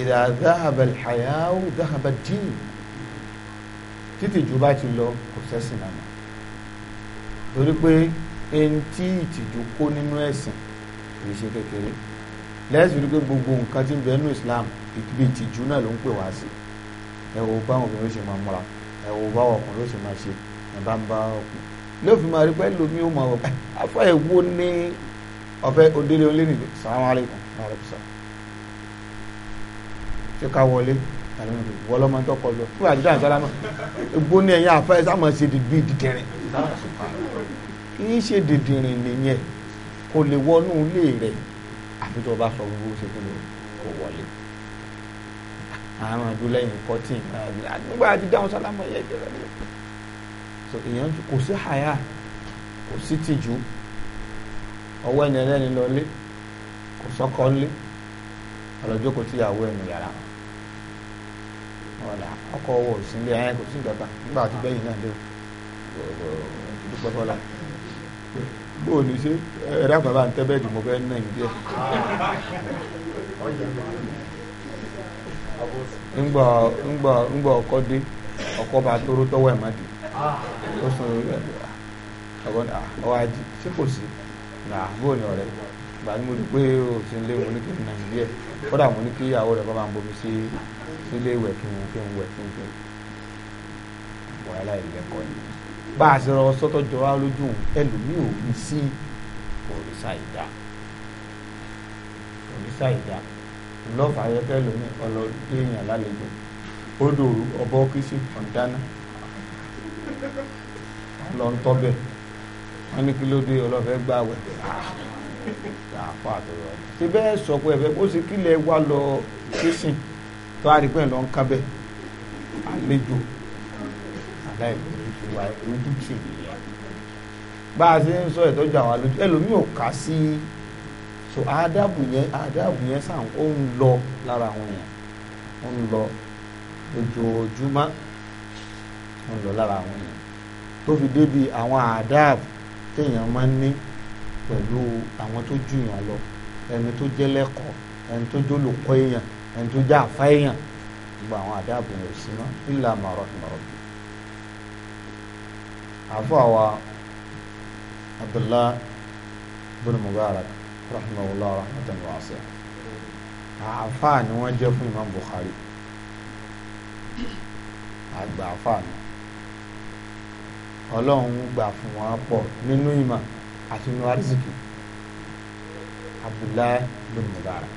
إذا ذهب الحياء ذهب الدين títí ju bá ti lọ kò sẹ́sìn náà torí pé ẹni tí ìtìjú kó nínú ẹ̀sìn kì í ṣe kékeré lẹ́sìn rí gbogbo nǹkan tí ń bẹ nínú Islam ibi ìtìjú náà ló ń pè wá sí ẹ wò báwọn obìnrin ó ṣe máa múra ẹ wò báwọn ọkùnrin ó ṣe máa ṣe ẹ bá ń bá ọkùnrin lófin máa rí pé lómi ó máa wọ pé afọ ah, èwo ní ọ̀fẹ́ òdélé olónìí sàlámù alaykum alaykum sàlámù ṣé ká wọlé wọlọmọ lọ fún àdúrà sálámà ègbó ní ẹ̀yìn afẹ́ sàmọ̀ ṣe dìbì dìtẹ̀rẹ̀ kì í ṣe dìndìnrìn nìyẹn kò lè wọnú ilé rẹ̀ àfi tó o bá sọ gbogbo ṣe kí ló kò wọlé àwọn àjò lẹ́yìn kọ́tìn nígbà tí dáhùn sálámù ẹ̀yẹ jẹ́rẹ́ lé so èèyàn kò sí àyà kò sí tìjú ọwọ́ ẹni ẹlẹ́ni lọlé kò sọ́kọ lé ọlọ́jọ́ kò tíyàwó ẹni yàrá ọ̀la ọkọ̀ ọwọ́ òsínlé ayé kò sí ìjọba nígbà tí bẹ́yìn náà o dúpẹ́ bọ́lá. bó ise ní ṣe ẹ̀rọ àgbàbà ń tẹ́bẹ̀ẹ́dì mo fẹ́ nà ń ọkọ dé ọkọ bá tóró tọwọ ẹ̀ má dé ó sọ ọkọ ní ah, ọwọ́ ajé ṣé kò sí nà o gbà ní mo rí pé o ti ń lé mo ní kí n nà ń kódà mo ní kí ìyàwó bá máa ń bomi sí ìwẹ̀ kí bá a ṣe rọ sọ́tọ̀ jọ wá lójú ẹlòmíì ò rí sí òrìṣà ìdá òrìṣà ìdá lọ́ọ̀fà ayẹ́kẹ́ lómi ọlọ́dún èèyàn lálejò odò ọ̀bọ kìsì kọ̀ńdáná ọlọ́ntọ́bẹ̀ wọ́n ní kí ló dé ọlọ́fẹ́ gbà wẹ̀ ah, àpá àtọ̀rọ̀ ṣe bẹ́ẹ̀ sọ pé ẹ̀fẹ́ bó ṣe kílẹ̀ wá lọ kìsì tó a rí pẹ́ lọ́n àlejò láìpẹ́ ní ti wà ojútì bá a ṣe ń sọ ìtọ́jú àwọn alójú ẹlòmíì ò kà sí so àádáàbò yẹn àádáàbò yẹn sàn ó ń lọ lára àwọn èèyàn ó ń lọ ojoojúmọ́ ó ń lọ lára àwọn èèyàn tó fi débi àwọn àádáàbò téèyàn máa ń ní pẹ̀lú àwọn tó jù yàn lọ ẹni tó jẹ́ lẹ́kọ̀ọ́ ẹni tó jólùkọ́ èèyàn ẹni tó jẹ́ àfa èèyàn gbogbo àwọn àdáàbò yẹn ò sí náà illa ma rahima rabbi. عفوا àwa abdullah bin mubarak rahimahullah rahmatan wasi'a àfà ni wọ́n jẹ́ fún imam bukhari àgbà àfà ni ọlọ́run gbà fún wọn pọ̀ nínú ìmọ̀ àti nínú arísìkì abdullah bin mubarak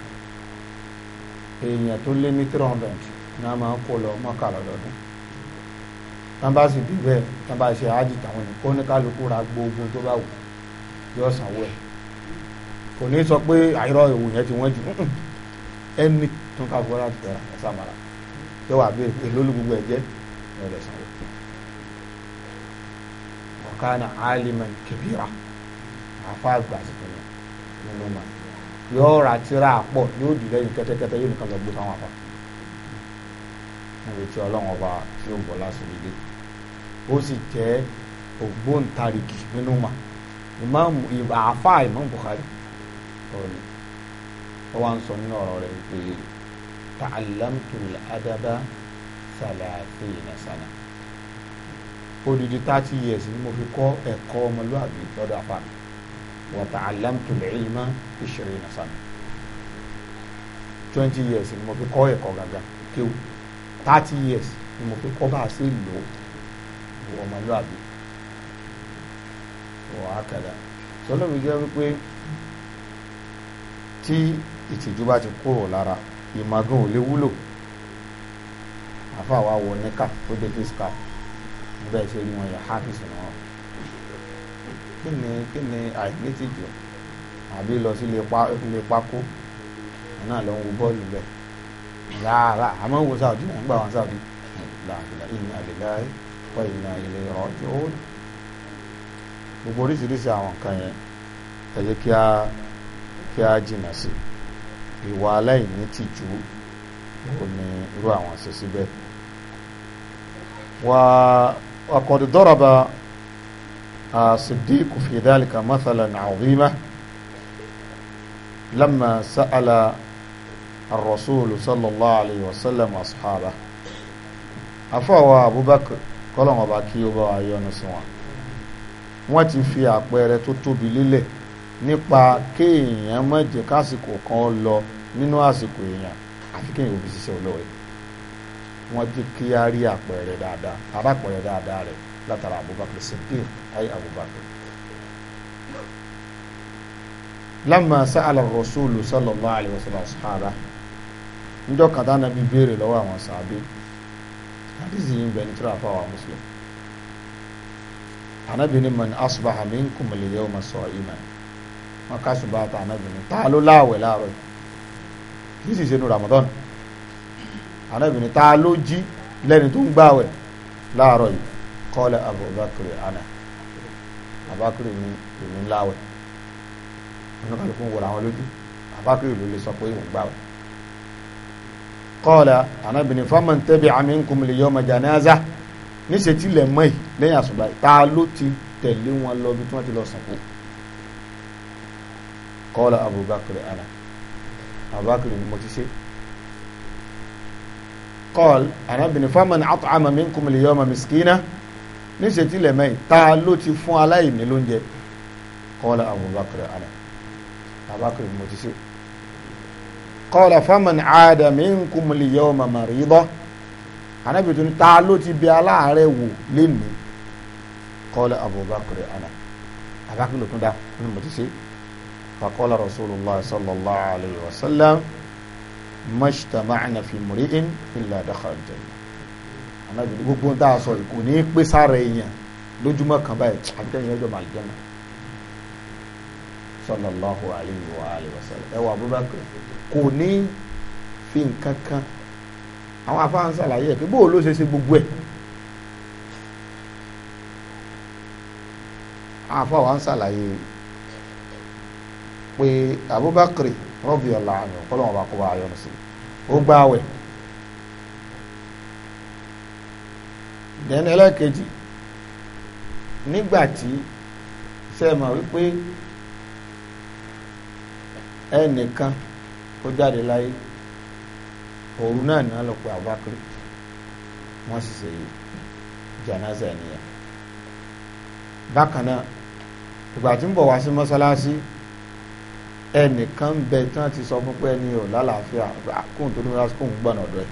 èèyàn tó lé ní three náà máa ń kó lọ mọ́kàlá lọ́dún tán bá sì dúró ẹ̀ tán bá ṣe àájì tàwọn yìí kó ní kálukú ra gbogbo tó bá wù yóò sanwó ẹ̀ kò ní sọ pé àìrọ̀ ìwò yẹn ti wọ́n jù ẹni tó ká fọ́ra ti tẹ̀ra ẹ̀ sàmàrà ṣé wàá bẹ èló ló gbogbo ẹ̀ jẹ́ ẹ̀ lọ sanwó. ọ̀kánà aliman kibira àfa àgbà ti fún yẹn nínú ma yóò ra tíra yóò dì lẹ́yìn kẹ́tẹ́kẹ́tẹ́ yóò nìkan lọ gbé fáwọn àpá. níbi tí ọlọ́run ọba tí ó bọ̀ lásìlè dé ó sì jẹ́ ògbóǹtarìgì nínú mà ìmáàmù àáfà ìmáàmù Bukhari ọ̀rẹ́ ó wá ń sọ nínú ọ̀rọ̀ rẹ̀ pé ta'allamtul adaba salasina sana odidi thirty years ni mo fi kọ́ ẹ̀kọ́ ọmọlúwàbí lọ́dọ̀ àfà mi wa ta'allamtul ilma ishirina sana twenty years ni mo fi kọ́ ẹ̀kọ́ gàgà kéwù thirty years ni mo fi kọ́ bá a ṣe lò ó ọmọlúwàbí wọ́n á kẹ́lẹ́ sọlọ́bi jẹ́ wípé tí ìtìjú bá ti kúrò lára ìmọ̀gán ò lè wúlò àfàwà wọ níkà tó dé fíṣkà bẹ́ẹ̀ ṣe ni wọ́n yà hákìsì wọn kí ni kí ni àìnítìjú àbí lọ sí ilé pákó náà lọ ń wo bọ́ọ̀lù bẹ́ẹ̀ rárá àmọ́ wo sáà dín nígbà wọn sáà dín láàbìlà ìní àbìlà yìí inna ilayhi raji'un gbogbo oríṣiríṣi àwọn kan yẹn ẹ jẹ́ kí a kí a jìnà sí ìwà aláìní tìjú ó ní irú àwọn ṣe síbẹ̀ wà وقد ضرب الصديق في ذلك مثلا عظيما الرسول صلى الله عليه وسلم أصحابه أفوى أبو بكر kọ́lọ́wọ́n ọba kí ó bá wa yọ́nú sí wọn wọ́n ti fi àpẹẹrẹ tó tóbi lélẹ̀ nípa kéèyàn má kásìkò kan lọ nínú àsìkò èèyàn àfi kéèyàn òbí ṣiṣẹ́ wọ́n ti kí á rí àpẹẹrẹ dáadáa arápẹẹrẹ dáadáa rẹ̀ látara Abubakar ayé Abubakar kàtà nàbí béèrè àwọn àdìsí yìí ń bẹ ní tíra fáwọn mùsùlùmí anabini man asubaha minkum al-yawma sa'iman wọn ká ṣùgbọ́n àti anabini ta ló láwẹ̀ láàárọ̀ kì í sì ṣe nu Ramadan anabini ta ló jí lẹ́ni tó ń gbàwẹ̀ láàárọ̀ yìí qala Abubakar ana Abubakar ni èmi ń láwẹ̀ wọn kàlùkù ń wọra àwọn lójú Abubakar ló lè sọ pé òun gbàwẹ̀ kọ́ọ̀lá ànábìnrin fáwọn tẹ́bi àmì ń kùn lèyọ́ ọmọ jànáza níṣẹ́ tí ilẹ̀ mọ́ ẹ̀ lẹ́yìn àṣùbà ta ló ti tẹ̀lé wọn lọ bí tí wọ́n ti lọ sàkó kọ́ọ̀lá abubakar ana abubakar ni mo ti ṣe kọ́ọ̀l ànábìnrin fáwọn àtọ̀ àmà mi ń kùn lèyọ́ ọmọ mìsíkínà níṣẹ́ tí ilẹ̀ mọ́ ẹ̀ ta ló ti fún aláìní lóúnjẹ kọ́ọ̀lá abubakar ana abubakar ni mo ti ṣe qala faman aada minkum al-yawma marida anabi tó ní ta ló ti bí aláàárẹ̀ wò lénìí qala abubakar ana abakar ló tún dá ní mo ti ṣe faqala rasulullah sallallahu alayhi wa sallam mashtama'na fi muri'in illa dakhala al-jannah anabi gbogbo ń tà sọ ìkò ní pèsè ara èèyàn lójúmọ́ kan báyìí àbíkẹ́yìn ọjọ́ màlìjẹ́ náà sallallahu alayhi wa alayhi wa sallam ẹ wọ abubakar kò ní fi nǹkan kan àwọn afáàn ṣàlàyé ẹ pé bó o ló ṣe ṣe gbogbo ẹ àwọn afáàn wa ń ṣàlàyé pé abubakar radiyallahu anhu kọ́lọ́wọ́n bá kó bá ayọ̀ sí ó gbààwẹ̀ dẹ́nu ẹlẹ́kejì nígbà tí sẹ́ẹ̀ mọ̀ wípé ẹnìkan ó jáde láyé òru náà ní alọpẹ Abubakar wọn sì ṣe janaza ènìyàn bákan náà ìgbà tí ń bọ̀ wá sí mọ́sálásí ẹnìkan bẹ tí wọ́n ti sọ fún pé ẹni ò lálàáfíà kóhùn tó ní wọ́n kóhùn gbọ́nà ọ̀dọ́ ẹ̀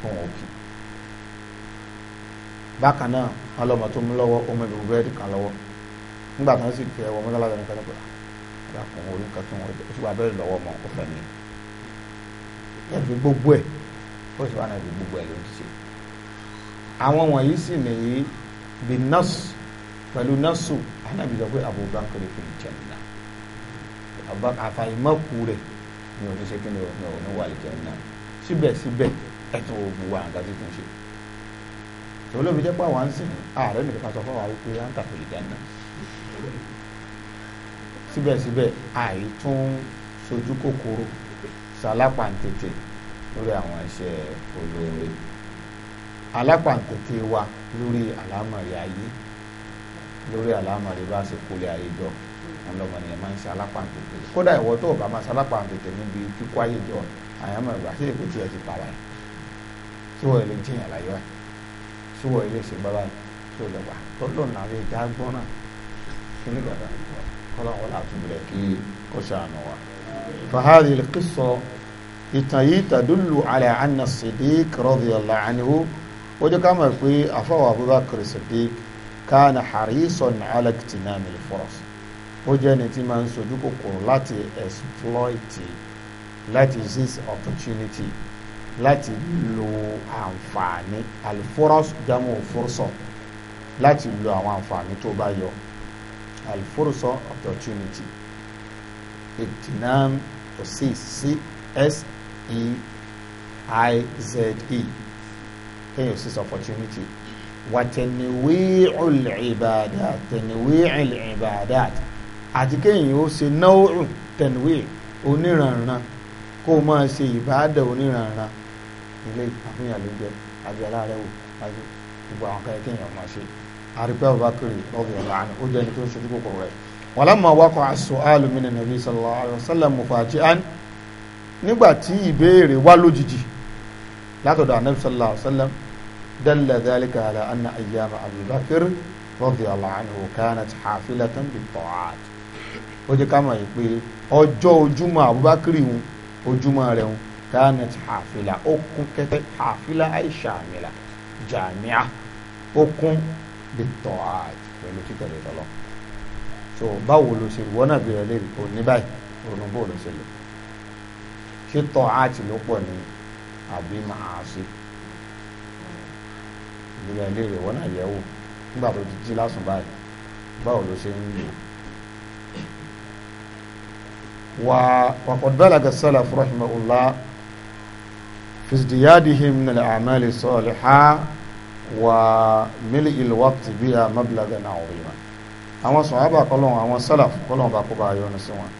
kóhùn òkè bákan náà wọn lọ́mọ tó mú lọ́wọ́ ọmọ ìbùbẹ́ẹ̀dì kan lọ́wọ́ nígbà tí wọ́n sì fi ẹ̀wọ̀ mọ́sálásí ẹnìkan lọ́pọ̀ dàpọ̀ orí nǹkan tó wọ́n o sì wá bẹ́ẹ̀ lọ́wọ́ ọmọ ó fẹ́ mi yẹ́nì gbogbo ẹ̀ ó sì wá náà fi gbogbo ẹ̀ ló ti ṣe àwọn wọ̀nyí sì nìyí bí nọ́ọ̀sì pẹ̀lú nọ́ọ̀sù anábì sọ pé Abubakar fi jẹ̀ nà àfàìmọ́kù rẹ̀ ni òní ṣe kí ni òní wà lè jẹ̀ nà síbẹ̀síbẹ̀ ẹ̀tọ́ gbogbo àǹkà tí tún ṣe olóbi jẹ́ pé àwọn ń sìn ààrẹ nìkan sọ fún wa wípé à ń tàkùn ìjà náà síbẹ̀síbẹ̀ àìtún sojú kòkòrò sálápàǹtètè lórí àwọn iṣẹ́ olóore alápàǹtètè wa lórí àlámọ̀rí ayé lórí àlámọ̀rí bá ṣe kólé ayé jọ wọn lọmọ nìyẹn máa ń ṣe alápàǹtètè kódà ìwọ tó o bá máa ṣe alápàǹtètè níbi kíkó ayé jọ àyàn mọ̀ ìgbà sílẹ̀ kó tiẹ̀ ti para ẹ̀ tí wọ́n lè jiyàn láyọ̀ ẹ̀ tí wọ́n lè ṣe bábáyìí tí wọ́n lè wà tọ́lọ́ọ̀nà rẹ̀ já gbọ́n kọ́lọ́wọ́ látúbẹ̀rẹ̀ kí kó ṣàánú wa. fahadi alqissa ìtàn yìí tàdúlù ala anna Siddiq radiyallahu anhu ó jẹ́ ká mọ̀ pé àfọwọ́ Abubakar Siddiq kana harisan ala iktinamil furas ó jẹ́ ẹni tí máa ń sojú kòkòrò láti exploit láti seize opportunity láti lo àǹfààní alfuras jamu fursa láti lo àwọn àǹfààní tó bá yọ al-fursa opportunity ìdìnnàm to seize c s e i z e kéèyàn seize opportunity wà tẹ̀niwí'ul ibadat tẹ̀niwí'ul ibadat àti kéèyàn ó ṣe náwó tẹ̀niwí oníranran kó o máa ṣe ìbáàdà oníranran ilé àfihàn ló jẹ àbí aláàrẹ wò àbí gbogbo àwọn akẹ́kẹ́ kéèyàn máa ṣe àrípẹ́ Abubakar radiyallahu anhu ó jẹ́ ẹni tó ń ṣojú kòkòrò rẹ̀ walamma waqa'a as-su'alu mina nabi sallallahu alayhi wa sallam mufaji'an nígbà tí ìbéèrè wá lójijì látọ̀dọ̀ anabi sallallahu alayhi wa sallam dalla dhalika ala anna ayyama Abubakar radiyallahu anhu kanat hafilatan bit-ta'at ó jẹ́ ká mọ̀ yìí pé ọjọ́ ojúmọ́ Abubakar wọn ojúmọ́ rẹ̀ wọn kanat hafila ó kún kẹ́kẹ́ hafila aisha amila jami'a ó kún bí tọ́ àt pẹ̀lú títẹ̀lé tọ́lọ́ so báwo ló ṣe wọ́n náà bèrè léèrè kò ní báyìí ronú bó ló ṣe lò ṣé tọ́ àt ló pọ̀ ní àbí màá ṣe bèrè léèrè wọ́n náà tó ti jí lásùn báyìí báwo ló ṣe ń lò wa waqad balaga salaf rahimahullah fi izdiyadihim min al-a'mal as-salihah. وملء الوقت بها مبلغا عظيما àwọn sọ̀hábà kọlọ́n àwọn sálàf kọlọ́n bá kó bá yọnu sí wọn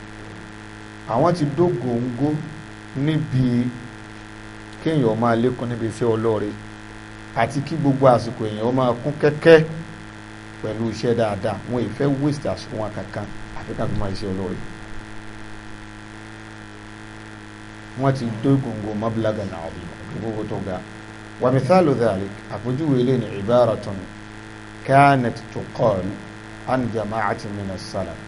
àwọn ti dó góńgó níbi kéèyàn máa lékún níbi iṣẹ́ olóore àti kí gbogbo àsìkò èèyàn máa kún kẹ́kẹ́ pẹ̀lú iṣẹ́ wọn ìfẹ́ waste àsìkò wọn kankan àfi ká máa iṣẹ́ olóore wọn ti dó góńgó mọ́bílágà náà ọ̀bí gbogbo tó ga. ومثال ذلك أفجو لين عبارة كانت تقال عن جماعة من السلف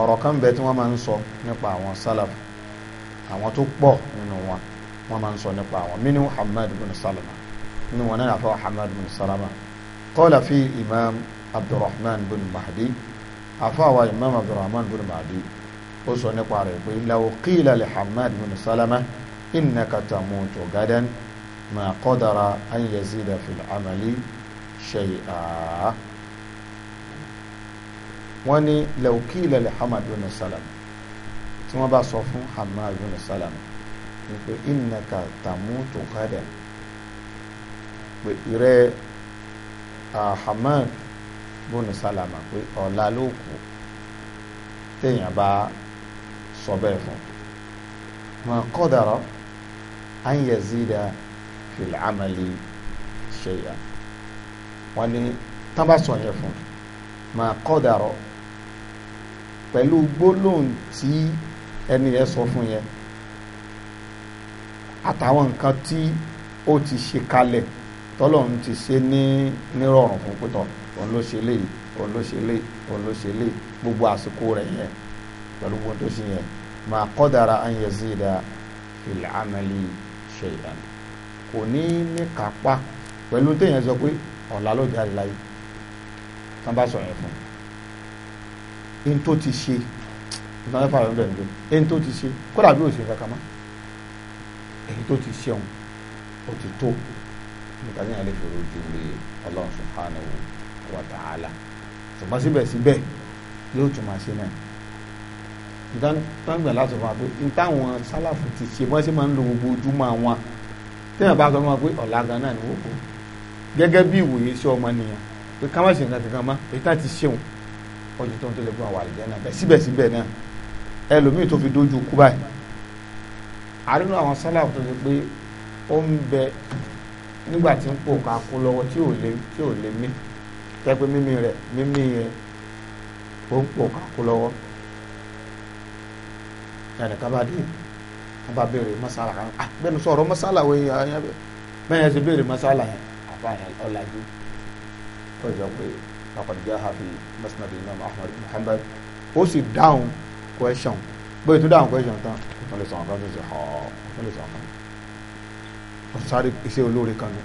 ọ̀rọ̀ kan bẹ tí wọ́n máa ń sọ nípa àwọn sálàfù àwọn tó pọ̀ nínú wọn wọ́n máa ń sọ nípa àwọn mínú Muhammad bin Salama nínú wọn náà àfọwọ́ Muhammad bin Salama qala fi imam Abdurrahman bin Mahdi àfọwọ́ imam Abdurrahman bin Mahdi ó sọ nípa rẹ̀ pé law qila li Muhammad bin Salama innaka tamutu gadan. ما قدر أن يزيد في العمل شيئا وني لو قيل لحمد بن سلمة ثم بصفوا حماد بن سلمة يقول إنك تموت غدا يرى حماد بن سلمة يقول أولا لوكو téèyàn bá sọ bẹ́ẹ̀ fún un mà kọ́dàrọ́ ànyẹ̀zídà fil amali shay'an wọ́n ní tán bá sọ yẹn fún ma qadara pẹ̀lú gbólóhùn tí ẹni yẹn sọ fún yẹn àtàwọn nǹkan tí ó ti ṣe kalẹ̀ tọ́lọ́run ti ṣe ní nírọ̀rùn fún pẹ́tọ́ òun ló ṣe léyìí òun ló ṣe léyìí òun ló ṣe léyìí gbogbo àsìkò rẹ̀ yẹn pẹ̀lú gbogbo tó ṣe yẹn ma qadara an yazida fil amali shay'an kò ní ní kápá pẹ̀lú téèyàn sọ pé ọ̀la ló jáde láyé tán bá sọ yẹn fún un tó ti ṣe ìtàn ẹ̀fà rẹ̀ bẹ̀rẹ̀ pé ẹni tó ti ṣe kódà bí òṣèré kankan mọ́ èyí tó ti ṣe òun ó ti tó nípa ní alẹ́ fòrò ju lè Allah subhanahu wa ta'ala ṣùgbọ́n síbẹ̀síbẹ̀ yóò tún máa ṣe náà ìdánilágbà láti fún wa pé ní táwọn sálàfù ti ṣe wọ́n sì máa ń lo gbogbo ojúmọ́ àwọn téèyàn bá sọ fún wa pé ọ̀la gan náà ni wọ́n kú gẹ́gẹ́ bí ìwòye sí ọmọ nìyàn pé ká má ṣe nǹkan kankan mọ́ èyí tá ti ṣeun ọjọ́ tó ń tó lè fún àwọn àlùjẹ́ náà bẹ́ẹ̀ síbẹ̀síbẹ̀ náà ẹlòmíì tó fi dojú kú báyìí àrínú àwọn sálà tó ṣe pé ó ń bẹ nígbà tí ń pò ká kú lọ́wọ́ tí ò lè tí ò lè mí jẹ́ pé mímí rẹ̀ mímí rẹ̀ ó ń pò ká kú lọ́wọ́ ẹnìkan bá dé wọ́n bá béèrè masala kan ah bẹ́ẹ̀ ni sọ̀rọ̀ masala wo yẹn ayé bẹ́ẹ̀ yẹn ti béèrè masala yẹn àbá yẹn ọ̀làjú ó jọ pé laqad jaaha fi musnad imam ahmad ibn hanbal ó sì dáhùn question bóyá tó dáhùn question tán wọ́n lè sọ̀rọ̀ kan tó ṣe họ́ wọ́n lè sọ̀rọ̀ kan ó sáré iṣẹ́ olóore kan ní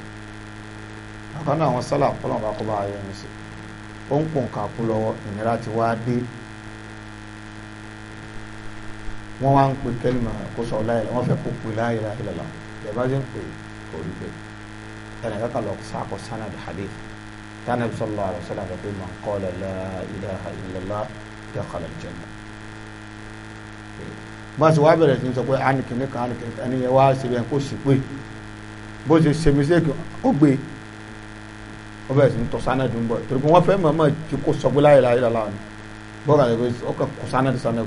àkànnà àwọn sálà kọ́lọ́ọ̀ bá kọ́ bá ayé ẹni sí ó ń pọ̀nkà kú lọ́wọ́ ìnira ti wá dé wọ́n wá ń pè kẹ́lìmọ̀ kó sọ láyé wọ́n fẹ́ kó pè láyé láyé lọ́la ìjọba ṣe ń pè kò rí pé ẹnì kankan lọ sáàkó sanad hadith tánà bisalòlá àrò sọlá rẹ pé màá kọ́ ọ̀lẹ̀ la ilaha illallah dakhala al-jannah. bá a sì wá bẹ̀rẹ̀ sí sọ pé anìkìní kan anìkìní kan ẹni yẹn wá síbi ẹni kó sì pé bó ṣe ṣe mistake ó gbé ó bẹ̀rẹ̀ sí tọ́ sanad ń bọ̀ torí pé wọ́n fẹ́ mọ̀ọ́mọ̀ ti kó sọ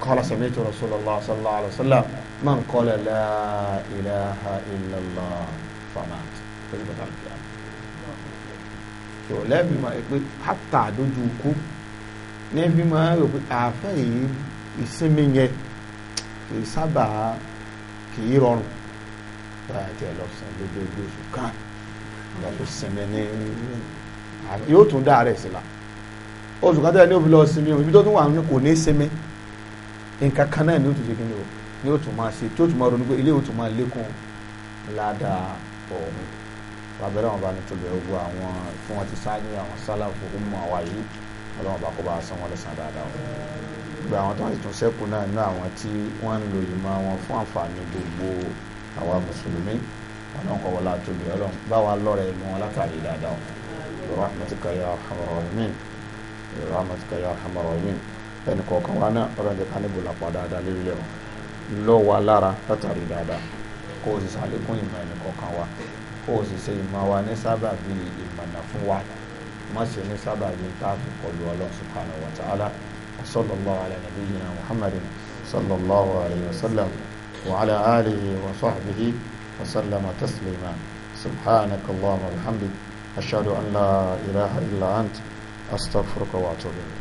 قال سمعت رسول الله صلى الله عليه وسلم من قال لا إله إلا الله فمات فلما تعرف يعني ṣòlẹ́ bí ma pé hátà dojú kú ní bí ma rò pé àáfẹ́ yìí ìsinmi yẹn kì í sábà kì í rọrùn báyà tiẹ̀ lọ sàn lójoojúmọ́ oṣù kan ìgbà tó sinmi ní yóò tún dáa rẹ̀ sí la oṣù kan tẹ́lẹ̀ ní òfin lọ sinmi ibi tó tún wà ní kò ní sinmi nǹkan kan náà ni ó tún ṣe kí ni o ni ó tún máa ṣe tí ó tún máa ronú pé ilé ó tún máa lékún ládàá ọ̀hún abẹ́rẹ́ wọn bá ní tóbi ogun àwọn fún wọn ti sáájú àwọn sálàfù ọmọ àwa yìí ọlọ́wọ́n bá kó bá san wọn lẹ́sàn dáadáa wọn. gba àwọn tó wọn ti tún sẹ́kù náà ní àwọn tí wọ́n ń lo ìmọ̀ wọn fún àǹfààní gbogbo àwa mùsùlùmí ọlọ́wọ́n kọ́ wọlé àtòbí ọlọ́wọ́n bá wa lọ́rẹ̀ mú wọn látàrí dáadáa wọn. rahmatika ya arhamar rahimin rahmatika ya arhamar rahimin ẹnì kọ̀ọ̀kan wa náà ọlọ́run jẹ́ ká níbo làpá dáadáa lérílẹ̀ o lọ́wọ́ lára látàrí dáadáa kó o sì ṣàlékún ìmọ̀ ẹnì kọ̀ọ̀kan wa kó o sì ṣe ìmọ̀ wa ní sábà bí ìmọ̀nà fún wa má ṣe ní sábà bí tá a fi kọlu ọlọ́run subhanahu wa ta'ala sallallahu ala nabiyyina muhammadin sallallahu alayhi wa sallam wa